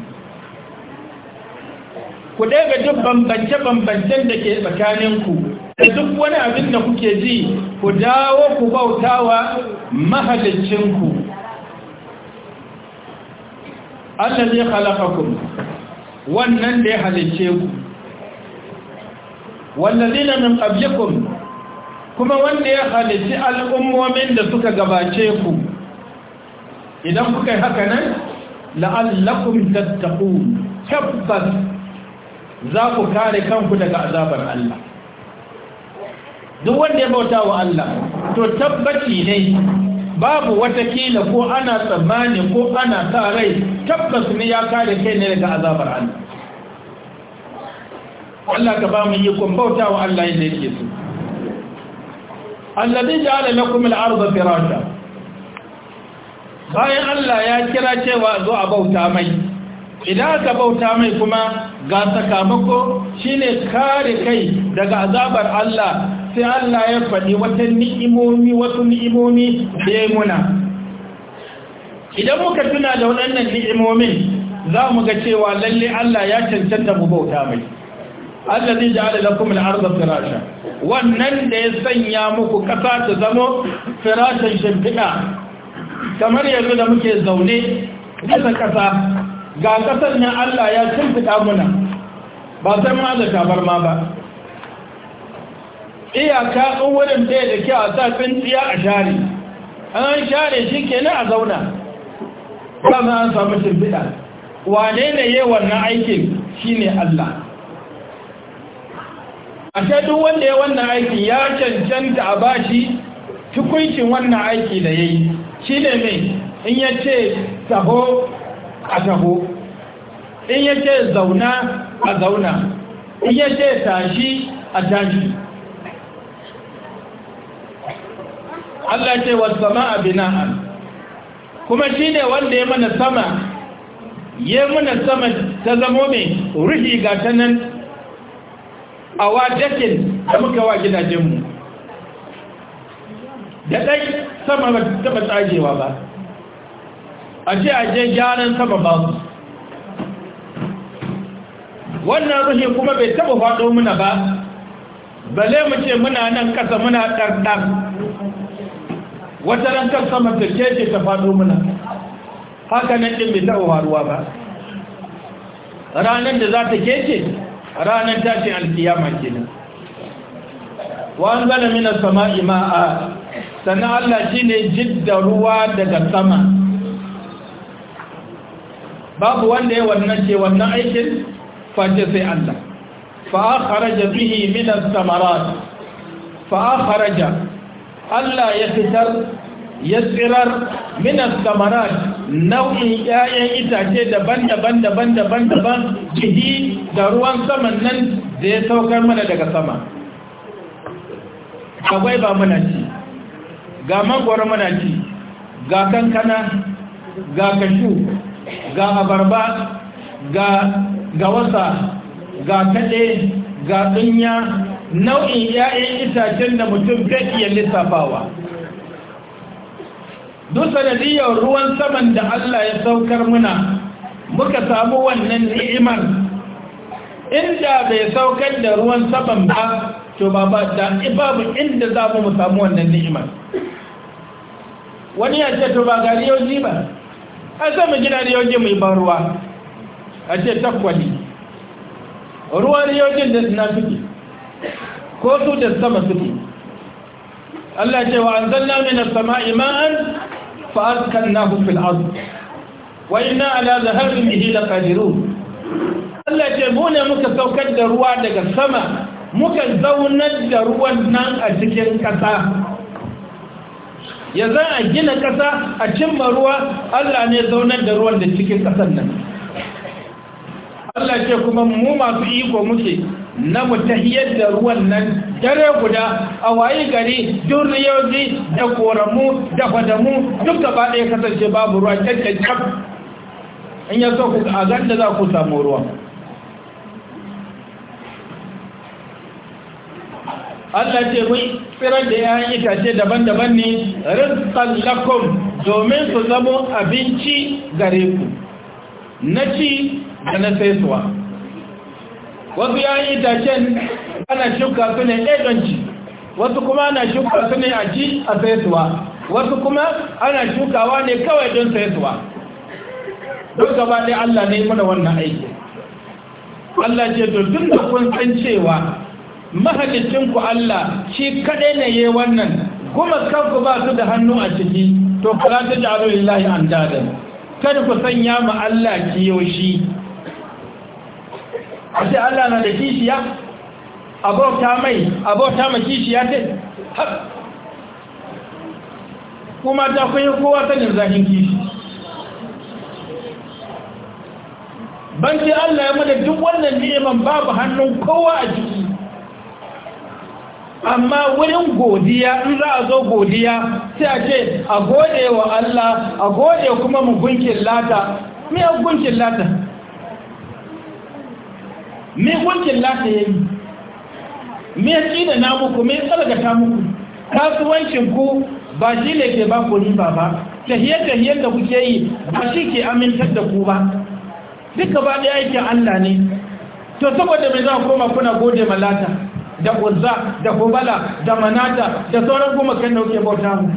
ku daga duk bambance-bambancen da ke tsakaninku da duk wani abin da kuke ji ku dawo ku bauta wa mahalicinku Allah zai halakakun wannan da ya halicce ku wallazina min qablikum kuma wanda ya halici al'ummomin da suka gabace ku idan kuka yi haka nan la'allakum tattaku tabbas za ku kare kanku daga azabar Allah duk wanda ya bauta wa Allah to tabbaci ne babu watakila ko ana tsammani ko ana sa rai tabbas ne ya kare kai ne daga azabar Allah Allah ka ba mu yi kun bauta wa Allah yadda yake so alladhi ja'ala lakum al-ardha firasha bayan Allah ya kira cewa zo a bauta mai idan aka bauta mai kuma ga sakamako shine kare kai daga azabar Allah sai Allah ya faɗi wata ni'imomi ni'imomi da ya muna idan muka tuna da waɗannan ni'imomin za mu ga cewa lalle Allah ya cancanta mu bauta mai allazi ja'ala lakum al-ardha firasha wannan da ya sanya muku kasa ta zama firashan shimfida kamar yanzu da muke zaune bisa kasa ga kasar nan Allah ya shimfida muna ba sai ma da ma ba iyaka ka wurin da da kyau a sa tsiya a share an share shi kenan a zauna ba za a samu shimfida wane ne yi wannan aikin shine Allah ashe duk wanda ya wannan aiki ya cancanta a bashi tukuncin wannan aiki da yayi shine mai in ya ce taho a taho in ya ce zauna a zauna in ya ce tashi a tashi Allah ce wasu sama a bina'an kuma shi ne wanda ya mana sama ya mana sama ta zamo mai ruhi ga ta nan a wadatin da muka wa gidajenmu da ɗai sama ba taɓa tsagewa ba a ce a je gyaran sama ba su wannan ruhi kuma bai taɓa faɗo muna ba bale mu ce muna nan ƙasa muna ɗarɗar wata ran sama ta keke ta faɗo muna haka nan ɗin bai taɓa faruwa ba ranar da za ta keke ranar tashin alkiyama kenan wa an zala sama'i sama ima'a sannan Allah shi ne jidda ruwa daga sama babu wanda ya wannan ce wannan aikin face sai Allah Fa fa'akharaja bihi minas samarat fa'akharaja Allah ya fitar ya tsirar minas samarat nau'in 'ya'yan itace daban-daban daban-daban daban jihi da ruwan saman nan da ya saukar mana daga sama akwai ba mana ci ga mangwaro muna ci ga kankana ga kashu ga abarba ga wasa ga kaɗe ga dunya nau'in 'ya'yan itacen da mutum zai iya lissafawa duk sanadiyar ruwan saman da Allah ya saukar muna muka samu wannan ni'imar inda bai saukar da ruwan saman ba to ba da babu inda za mu samu wannan ni'imar wani ya ce to ba ga riyoji ba a sai mu gina riyoji mai ban ruwa a ce takwali ruwan riyojin da suna suke ko su da sama suke Allah ce wa anzalna min as-sama'i ma'an فأسكناه في الأرض وإنا على ذهاب به لقادرون Allah ce mu ne muka saukar da ruwa daga sama muka zaunar da ruwan nan a cikin ƙasa ya za a gina ƙasa a cimma ruwa Allah ne zaunar da ruwan da cikin ƙasar nan Allah ce kuma mu masu iko muke na mu da ruwan nan dare guda a wayi gari duniyoyi da koramu da fadamu duk gaba ɗaya kasance babu ruwa cancancab in ya so ku a ganda za ku samu ruwa Allah ce mai tsirar da ya yi itace daban-daban ne rizqan lakum domin su zamo abinci gare ku na ci da na saisuwa wasu ya yi itacen ana shuka su ne ɗaiɗanci wasu kuma ana shuka su ne a ji a saituwa wasu kuma ana shukawa ne kawai don saituwa don gaba ɗaya Allah ne mana wannan aiki Allah ce to tun da kun san cewa mahallicinku ku Allah shi kaɗai ne yi wannan kuma kanku ba su da hannu a ciki to kula ta ja'alu lillahi andadan kada ku sanya ma Allah kiyoshi ashe Allah na da kishiya abota mai abota mai kishiya ce kuma ta kun yi kowa sanin zahin kishi banki Allah ya mada duk wannan neman babu hannun kowa a jiki amma wurin godiya in za a zo godiya sai a ce a gode wa Allah a gode kuma mu lata mai gunkin lata me wancan lata ya yi me tsina na muku me ta muku kasuwancin ku ba shi ne ke ba ku riba ba ta tahiyar da kuke yi ba shi ke amintar da ku ba duka ba da aikin Allah ne to saboda mai za ku koma kuna gode malata da ƙunza da kubala da manata da sauran kuma kan da kuke bauta mu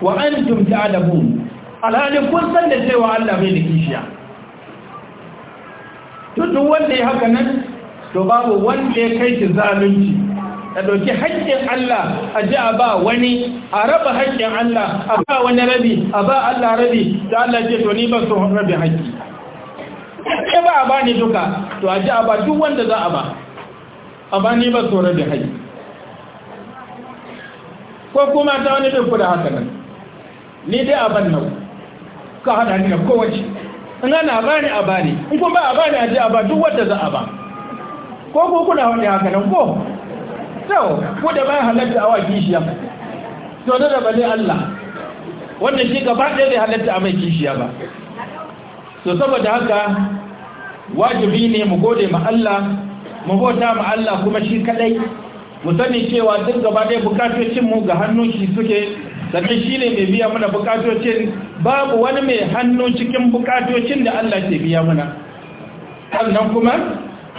wa an jumta alamu alhalin kun san da cewa Allah bai da kishiya to duk wanda ya haka nan to babu wanda ya kai shi zalunci a ɗauki haƙƙin Allah a ji a ba wani a raba haƙƙin Allah a ba wani rabi a ba Allah rabi da Allah ce to ni ba su rabi haƙƙi ke ba a ba ni duka to a ji a ba duk wanda za a ba a ba ni ba su rabi haƙƙi ko kuma ta wani duk da haka nan ni dai a ban nau ka haɗa ni da kowace in ana bani a bani in kuma ba a bani a a ba duk wanda za a ba ko ko kuna wani haka nan ko to ko da bayan halatta awa kishiya to da da bale Allah wanda shi gaba ɗaya bai halatta a mai kishiya ba to saboda haka wajibi ne mu gode ma Allah mu bauta ma Allah kuma shi kadai mu sani cewa duk gaba ɗaya bukatocin mu ga hannun shi suke sannan shi ne mai biya mana bukatocin babu wani mai hannu cikin bukatocin da Allah ke biya mana sannan kuma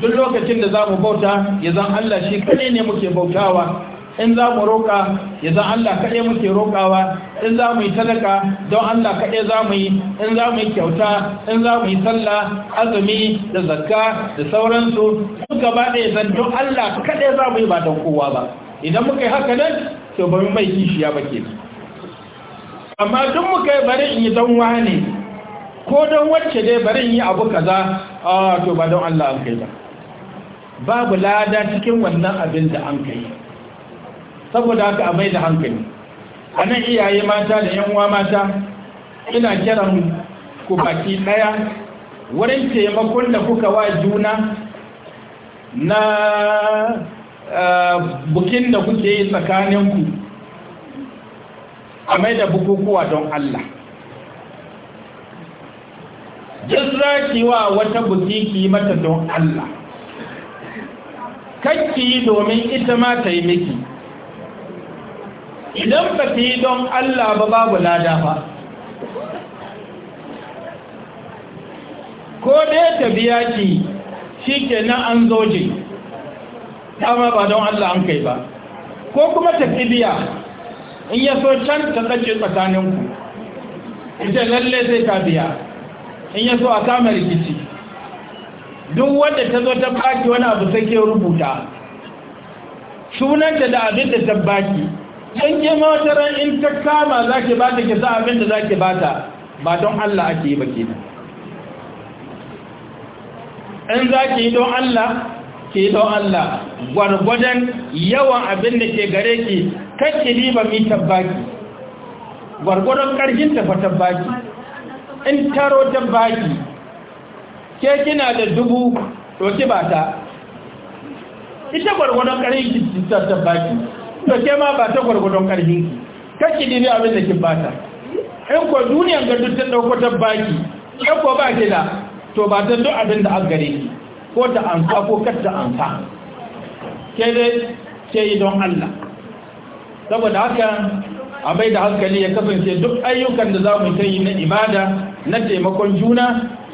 duk lokacin da za mu bauta ya zan Allah shi kaɗai ne muke bautawa in za mu roƙa ya zan Allah kaɗai muke roƙawa in za mu yi talaka don Allah kaɗai za mu yi in za mu yi kyauta in za mu yi sallah azumi da zakka da sauransu duk gaba ɗaya zan don Allah kaɗai za mu yi ba don kowa ba idan muka yi haka nan to ba mai kishiya ba ke. amma duk mu kai bari in yi don wane ko don wacce dai bari in yi abu kaza a to ba don Allah an kai ba babu lada cikin wannan abin da an kai saboda haka a mai da hankali a nan iyaye mata da yan uwa mata ina kiran ku baki daya wurin taimakon da kuka wa juna na bukin da kuke yi tsakaninku a mai da bukukuwa don Allah duk wa wata buki ki mata don Allah kakki yi domin ita ma ta yi miki idan ba ta yi don Allah ba babu lada ba ko dai ta biya ki shi ke nan an zoje ma ba don Allah an kai ba ko kuma ta biya in ya so can ta tsace tsakaninku ita lalle sai ta biya in ya so a kama rikici duk wanda ta zo ta baki wani abu sai ke rubuta sunanta da abin da ta baki in ke in ta kama za ke ba ta ke za abin da za ke ba ta ba don Allah ake yi ba nan. in za ki yi don Allah ki yi don Allah gwargwadon yawan abin da ke gare ki kake kiliba mi tabbaki gwargwaron ƙarfin fa tabbaki in taro tabbaki ke kina da dubu ki ba ta ita gwargwaron ƙarfin ki tabbaki to ke ma ba ta gwargwaron ƙarfin ki kake kilibi abin da kin ta. in ko duniyan ga dukkan dauko tabbaki in ko ba ki da to ba ta duk abin da an gare ki ko ta amsa ko kar ta amsa ke dai ke yi don Allah saboda haka a bai da hankali ya kasance duk ayyukan da za mu ta yi na ibada na taimakon juna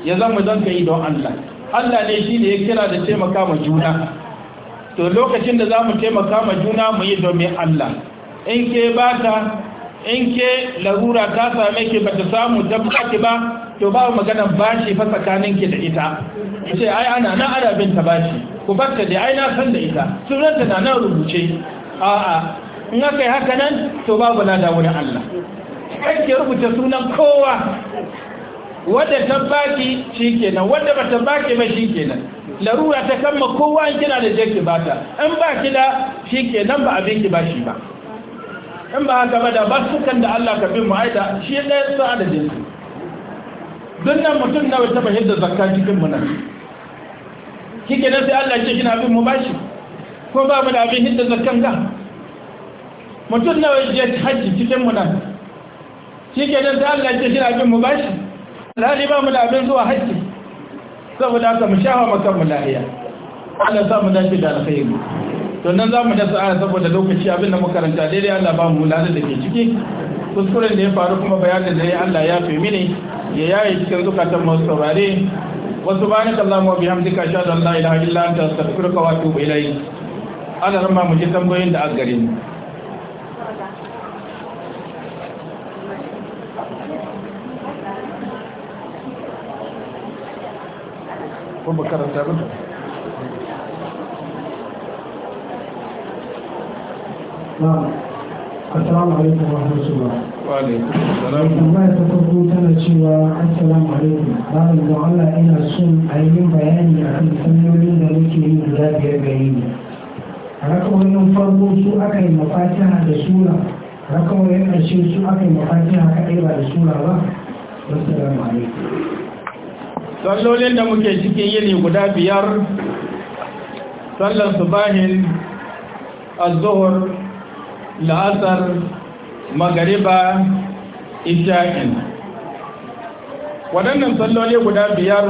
ya zama don ka yi don Allah Allah ne shi ne ya kira da taimaka ma juna to lokacin da za mu taimaka ma juna mu yi domin Allah in ke ba ta in ke larura ta same ki ba ta samu ta baki ba to ba maganar bashi fa tsakanin ki da ita ce ai ana nan arabin ta bashi ku barka da ai na san da ita sunanta na nan rubuce a'a in ka yi haka nan to babu lada wurin Allah ake rubuta sunan kowa wanda ta baki shi kenan ba ta baki ba shi kenan larura ta kama kowa in kina da jeki ba ta in ba ki da shi kenan ba abin ki ba shi ba in ba haka ba da ba su kan da Allah ka bin mu'aida shi ne sa da jinsu don nan mutum na wata bahir da zakka cikin mu nan kike nan sai Allah ya ce kina bin mu ba shi ko ba mu da abin hidda zakkan ga mutum nawa je hajji cikin muna nan shi ke don ta Allah ce shi abin mu shi alhali ba mu da abin zuwa hajji saboda aka mu shafa makan mu lahiya Allah za mu dace da alkhairi to nan za mu da sa'a saboda lokaci abin da muka karanta daidai Allah ba mu ladan da ke ciki kuskuren da ya faru kuma bayanin da ya Allah ya fi mini ya yaye cikin zukatan masu saurare wasu bani da Allah mu bi hamdika sha da Allah da illa anta astaghfiruka wa atubu ilayk ana rama mu je tambayoyin da aka kuma karanta ba Assalamu alaikum wa rahmatullah. Wa alaikum salam. Amma ta farko tana cewa assalamu alaikum. Malam don Allah ina son a yi min bayani akan da muke yi guda biyar A rakawoyin farko su aka yi mafatiha da sura, rakawoyin ƙarshe su aka yi mafatiha kaɗai ba da sura ba. Wassalamu alaikum. sallolin da muke cikin yini guda biyar sallar subahin azuhur la'asar magariba isha'in waɗannan salloli guda biyar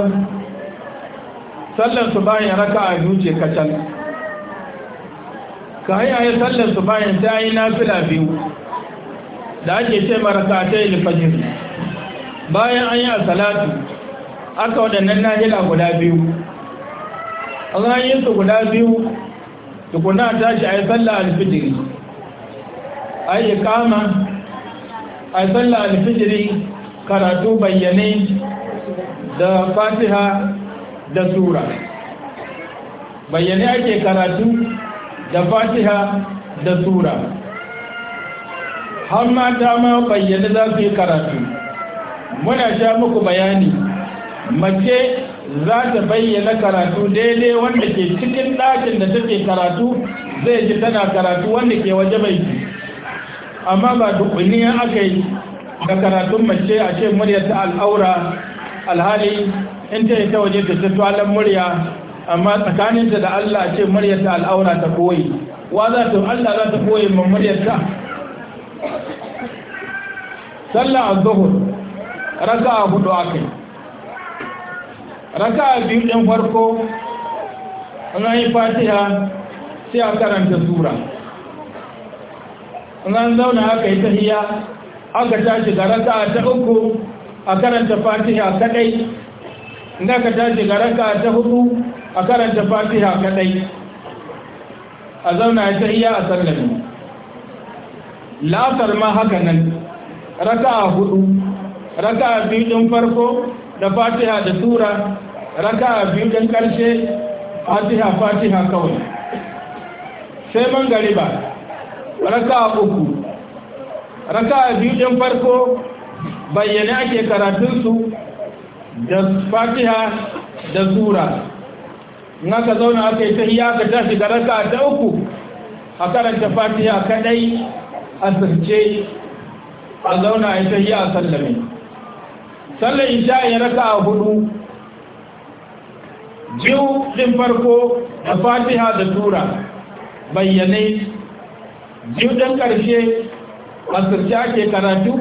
sallar subahin raka a duce kacal ka hayaye sallar subahin ta yi nafila biyu da ake ce marasa ta yi bayan an yi a salatu aka waɗannan nahila guda biyu an yi su guda biyu tukuna tashi a yi sallah alfijiri a yi kama a yi sallah alfijiri karatu bayyane da fatiha da sura bayyane ake karatu da fatiha da sura har mata ma bayyane za su yi karatu muna sha muku bayani mace za ta bayyana karatu daidai wanda ke cikin ɗakin da take karatu zai ji tana karatu wanda ke waje bai ji amma ba dukkanin aka yi da karatun mace a ce murya ta al'aura alhali in ta yi ta waje ta tualan murya amma tsakaninta da Allah a ce murya ta al'aura ta koyi wa za ta Allah za ta koyi ma muryarta sallah az-zuhr raka'a hudu akai raka biyu ɗin farko an yi fatiha sai a karanta sura an zauna aka yi tahiya aka tashi ga raka ta uku a karanta fatiha kadai inda ka tashi ga raka ta hudu a karanta fatiha kadai a zauna ya tahiya a sallami la'asar ma haka nan raka hudu raka biyu ɗin farko da fatiha da sura raka a biyu don ƙarshe fatiha fatiha kawai sai mangariba raka uku raka a biyu don farko bayyane ake karatunsu da fatiha da sura na ka zauna aka yi ta hiya aka tashi da raka ta uku a karanta fatiha kadai a sirce a zauna a yi ta hiya a sallame sallar isha ya raka a hudu biyu ɗin farko da fatiha da tura bayyane biyu ɗin ƙarshe asirce ake karatu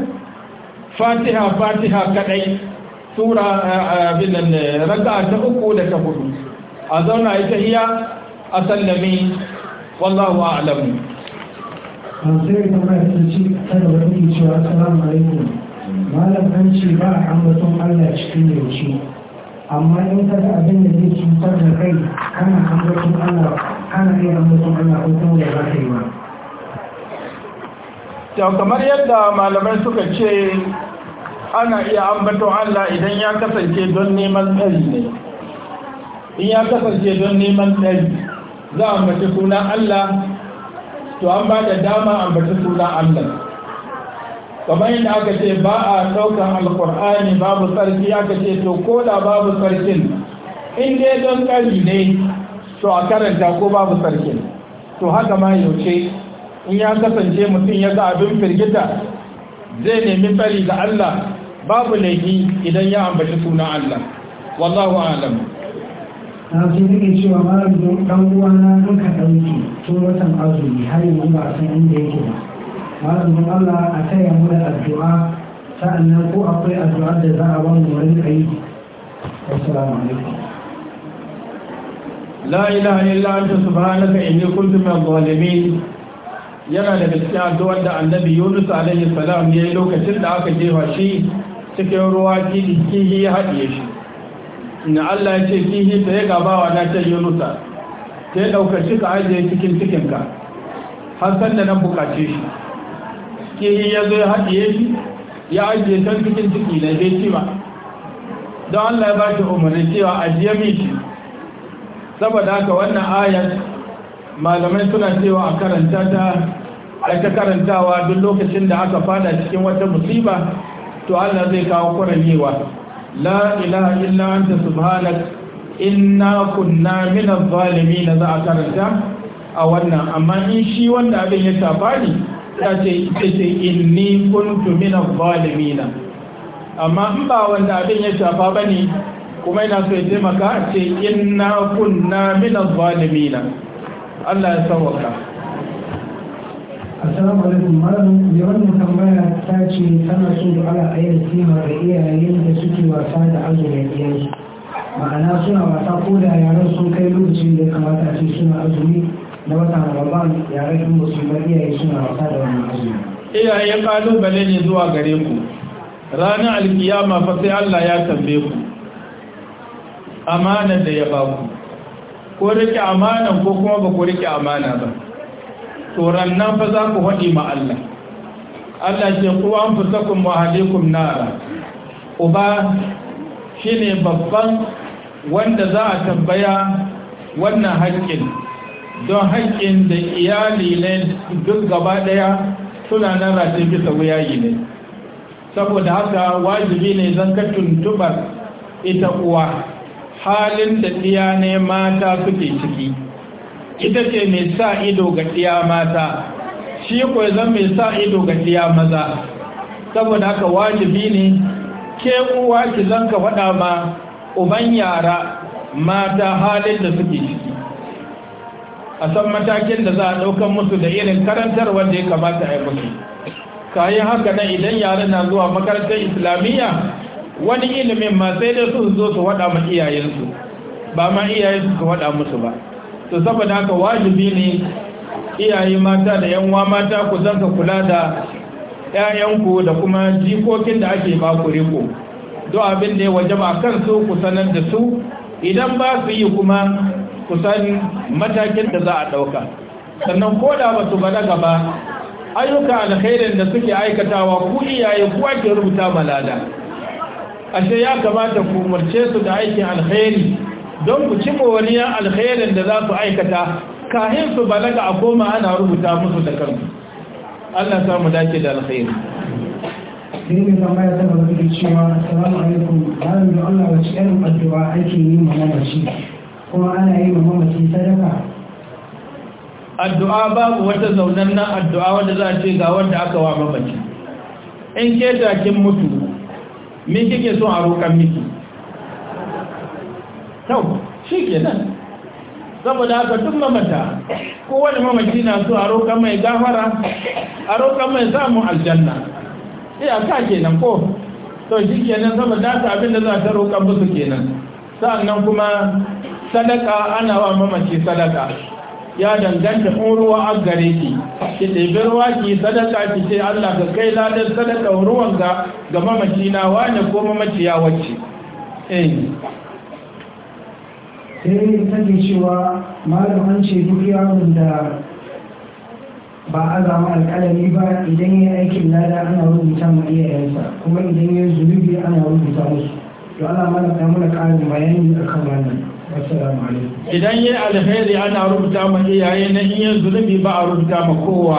fatiha fatiha kadai tura eh, eh, abinan eh, raka ta uku da ta hudu a zauna ita iya a sallami wallahu a'lamu sai da mai ce ta da wani cewa assalamu alaikum malam an ce ba a ambaton Allah cikin yaushe amma in ka ga abin da zai cutar da kai kana ambaton Allah kana iya ambaton Allah ko kuma da za ka yi ba to kamar yadda malamai suka ce ana iya ambaton Allah idan ya kasance don neman tsari ne in ya kasance don neman tsari za a ambaci sunan Allah to an ba da dama ambaci sunan Allah kamar yadda aka ce ba a ɗaukan alkur'ani babu sarki aka ce to ko da babu sarkin in dai don kari ne to a karanta ko babu sarkin to haka ma yaushe in ya kasance mutum ya ga abin firgita zai nemi fari ga Allah babu laifi idan ya ambaci sunan Allah wallahu a'lam na su nake cewa mara don ɗan uwana in ka ɗauki tun watan azumi har yanzu ba san inda yake ba malamin Allah a taya mu da addu'a sa'annan ko akwai addu'a da za a wani wani ayi assalamu alaikum la ilaha illa anta subhanaka inni kuntu min adh yana da gaskiya addu'ar da annabi Yunus alaihi salam yayi lokacin da aka jefa shi cikin ruwa kihi ya haɗiye shi inda Allah ya ce kihi ta ya gabawa na ce Yunus ta ya ɗaukar shi ka ajiye cikin cikinka har san da nan bukace shi yi ya zo ya haɗiye shi ya ajiye kan cikin ciki na bai ci ba don Allah ya ba shi umarni cewa ajiye mai shi saboda haka wannan ayar malamai suna cewa a karanta ta a karantawa duk lokacin da aka fada cikin wata musiba to Allah zai kawo kuragewa la ilaha illa anta subhanak inna kunna minaz zalimin za a karanta a wannan amma in shi wanda abin ya tafani. ta ce inni kuntu min amma in ba wanda abin ya shafa bane kuma yana so ya taimaka ce inna kunna min zalimina Allah ya sauka Assalamu alaikum malamin ya wannan tambaya ta ce tana so da ala ayyar kima da iyayen da suke wasa da azumin iyayen ma'ana suna wasa ko da yaran sun kai lokacin da kamata ce suna azumi na watan Ramadan ya rashin musulman iyaye suna wasa da wannan azumi iyaye kalubale ne zuwa gare ku ranar alkiyama fa sai Allah ya tambaye ku amanar da ya baku ko rike amanan ko kuma ba ku rike amana ba to nan fa za ku haɗi ma Allah Allah ce ku an fusakun mahalikun nara uba shine babban wanda za a tambaya wannan haƙƙin don haƙƙin da iyali ne duk gaba ɗaya suna nan fi bisa wuyayi ne saboda haka wajibi ne zan ka tuntubar ita uwa halin da ɗiya ne mata suke ciki ita ce mai sa ido ga ɗiya mata shi kuwa zan mai sa ido ga ɗiya maza saboda haka wajibi ne ke uwa ki zan ka faɗa ma uban yara mata halin da suke ciki a san matakin da za a ɗaukan musu da irin karantar wanda ya kamata a yi musu kayan haka nan idan yaren na zuwa makarantar islamiyya wani ilimin ma sai dai su zo su waɗa ma iyayensu ba ma iyayensu su waɗa musu ba to saboda haka wajibi ne iyaye mata da yan uwa mata ku zanka kula da ƴaƴanku da kuma jikokin da ake ba ku riko abin da ya waje kan kansu ku sanar da su idan ba su yi kuma ku san matakin da za a ɗauka sannan ko da ba su balaga ba ayyuka alkhairin da suke aikatawa ku iyaye ku ake rubuta malada ashe ya kamata ku umarce su da aikin alkhairi don ku ci moriyar alkhairin da za su aikata kahin su balaga a koma ana rubuta musu da kansu Allah mu dace da alkhairi sai da tambaya ta da cewa assalamu alaikum bayan da Allah wace irin addu'a ake yi ma shi. kuma ana yi wa mamaci sadaka addu'a babu wata zaunan nan addu'a wanda za a ce ga wanda aka wa mamaci in ke kin mutu min kike son a roƙan miki tau shi ke nan saboda haka duk mamata kowane mamaci na so a roƙan mai gafara a roƙan mai samun aljanna ke kenan ko to shi kenan saboda haka abinda za a ta roƙan musu kenan nan kuma sadaka ana wa mamaci sadaka ya danganta in ruwa a gare ki ki ɗebi ruwa ki sadaka ki ce Allah ka kai ladan sadaka ruwan ga ga mamaci na wane ko mamaci ya wacce eh sai take cewa malam an ce duk yaron da ba a zama alƙalami ba idan ya aikin lada ana rubuta ma iyayensa kuma idan ya zunubi ana rubuta musu to ana mana ta ƙarin bayani kan wannan assalamu alaikum idan yin alheri ana rubuta ma iyaye na iya ba a rubuta ma kowa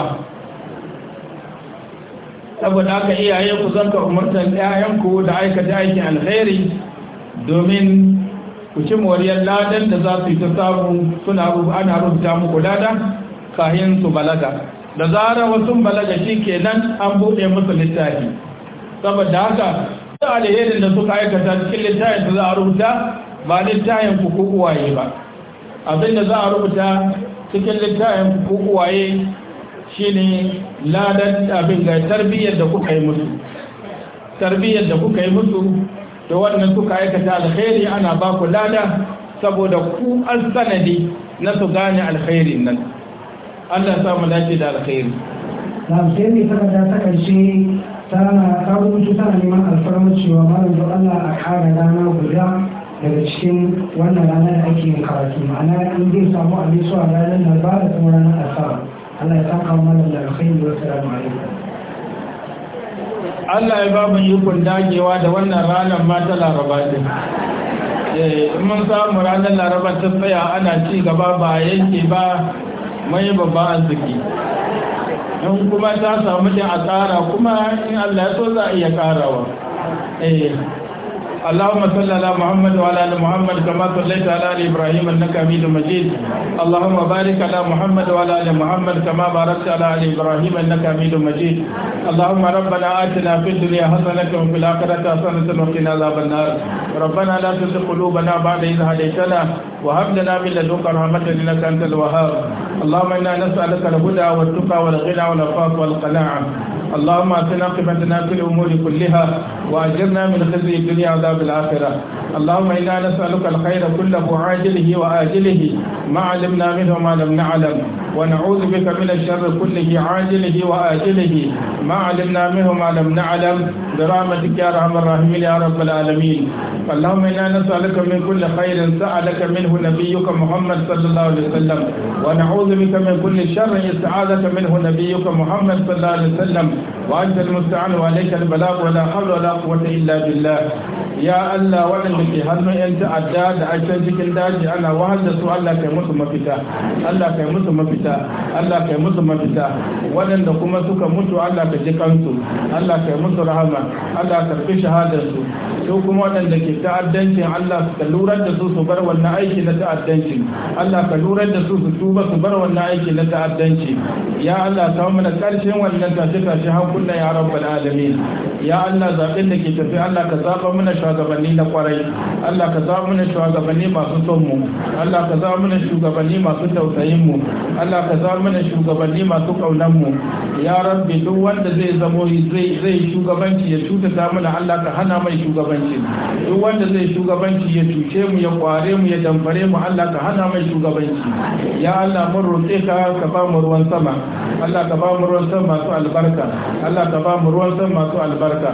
saboda haka iyaye ku zanka umartar 'ya'yanku da aikata aikin alheri domin ku ci moriyar ladan da za su yi ta samu suna ana rubuta muku lada kayan su balaga da zara wasu balaga shi kenan an buɗe musu littafi saboda haka da alherin da suka aikata cikin littafin da za a rubuta ba littafin ku kuwaye ba abin da za a rubuta cikin littafin ku uwaye shine ladan abin ga tarbiyyar da kuka yi musu tarbiyyar da kuka yi musu da wannan suka aikata alkhairi ana ba ku lada saboda ku an sanadi na su gane alkhairi nan Allah ya samu dace da alkhairi. Alkhairi saboda ta karshe ta rubutu tana neman alfarmar cewa malam don Allah a kara rana guda daga cikin wannan rana da ake yin karatu ma'ana in zai samu abin su a ranar nan ba da kuma ranar asara Allah ya saka malam da alkhairi wa wasu alaikum Allah ya ba mu yukun dagewa da wannan ranar ma ta laraba din eh, mun samu ranar laraba ta tsaya ana ci gaba ba yanke ba mai babban arziki in kuma ta samu da asara kuma in Allah ya so za a iya karawa eh اللهم صل على محمد وعلى ال محمد كما صليت على ال ابراهيم انك حميد مجيد اللهم بارك على محمد وعلى ال محمد كما باركت على ال ابراهيم انك حميد مجيد اللهم ربنا اتنا في الدنيا حسنه وفي الاخره حسنه وقنا عذاب النار ربنا لا تزغ قلوبنا بعد إذ هديتنا وهب لنا من لدنك رحمة إنك أنت الوهاب اللهم إنا نسألك الهدى والتقى والغنى والعفاف والقناعة اللهم أتنا قفتنا في الأمور كلها وأجرنا من خزي الدنيا عذاب ثواب الآخرة اللهم إنا نسألك الخير كله عاجله وآجله ما علمنا منه ما لم نعلم ونعوذ بك من الشر كله عاجله وآجله ما علمنا منه ما لم نعلم برحمتك يا أرحم الراحمين يا رب العالمين اللهم إنا نسألك من كل خير سألك منه نبيك محمد صلى الله عليه وسلم ونعوذ بك من كل شر استعاذك منه نبيك محمد صلى الله عليه وسلم وأنت المستعان وعليك البلاغ ولا حول ولا قوة إلا بالله يا الله وأنا في هل ما أنت أداد أشجك الداج أنا وهذا سؤال الله كي مسلم فتا الله كي مسلم فتا الله كي مسلم فتا وأنا لكم سك متو الله كي جكنتو الله كي مسلم رحمة الله كرب شهادة سو شو كم وأنا لكي تأدنش الله كلورة سو سبر ولا أيش نتأدنش الله كلورة سو سوبر سبر ولا أيش نتأدنش يا الله تامنا كل شيء ولا تشتى شهادة kunna ya rabbal alamin ya Allah zaɓen da ke tafi Allah ka zaɓa mana shugabanni na kwarai Allah ka zaɓa mana shugabanni masu son mu Allah ka zaɓa mana shugabanni masu tausayin mu Allah ka zaɓa mana shugabanni masu ƙaunar mu ya rabbi duk wanda zai zamo zai zai shugabanci ya ta mana Allah ka hana mai shugabanci duk wanda zai shugabanci ya cuce mu ya kware mu ya damfare mu Allah ka hana mai shugabanci ya Allah mun roƙe ka ka ba mu ruwan sama Allah ka ba mu ruwan sama masu albarka Allah ka ba mu ruwan san masu albarka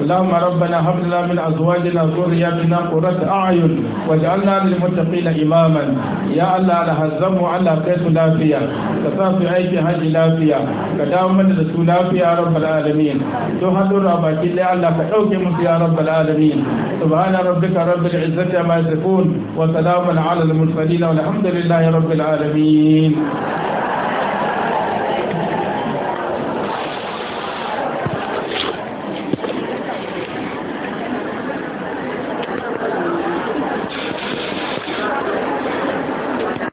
Allahumma rabbana hab lana min azwajina dhurriyyatina qurrata a'yun waj'alna lil muttaqina imaman ya Allah la hazzamu Allah kai su lafiya ka sa su aiki haji lafiya ka dawo mana da su lafiya rabbal alamin to hadura abakin da Allah ka dauke musu ya rabbal alamin subhana rabbika rabbil izzati amma yasifun wa salamun ala al mursalin والحمد لله رب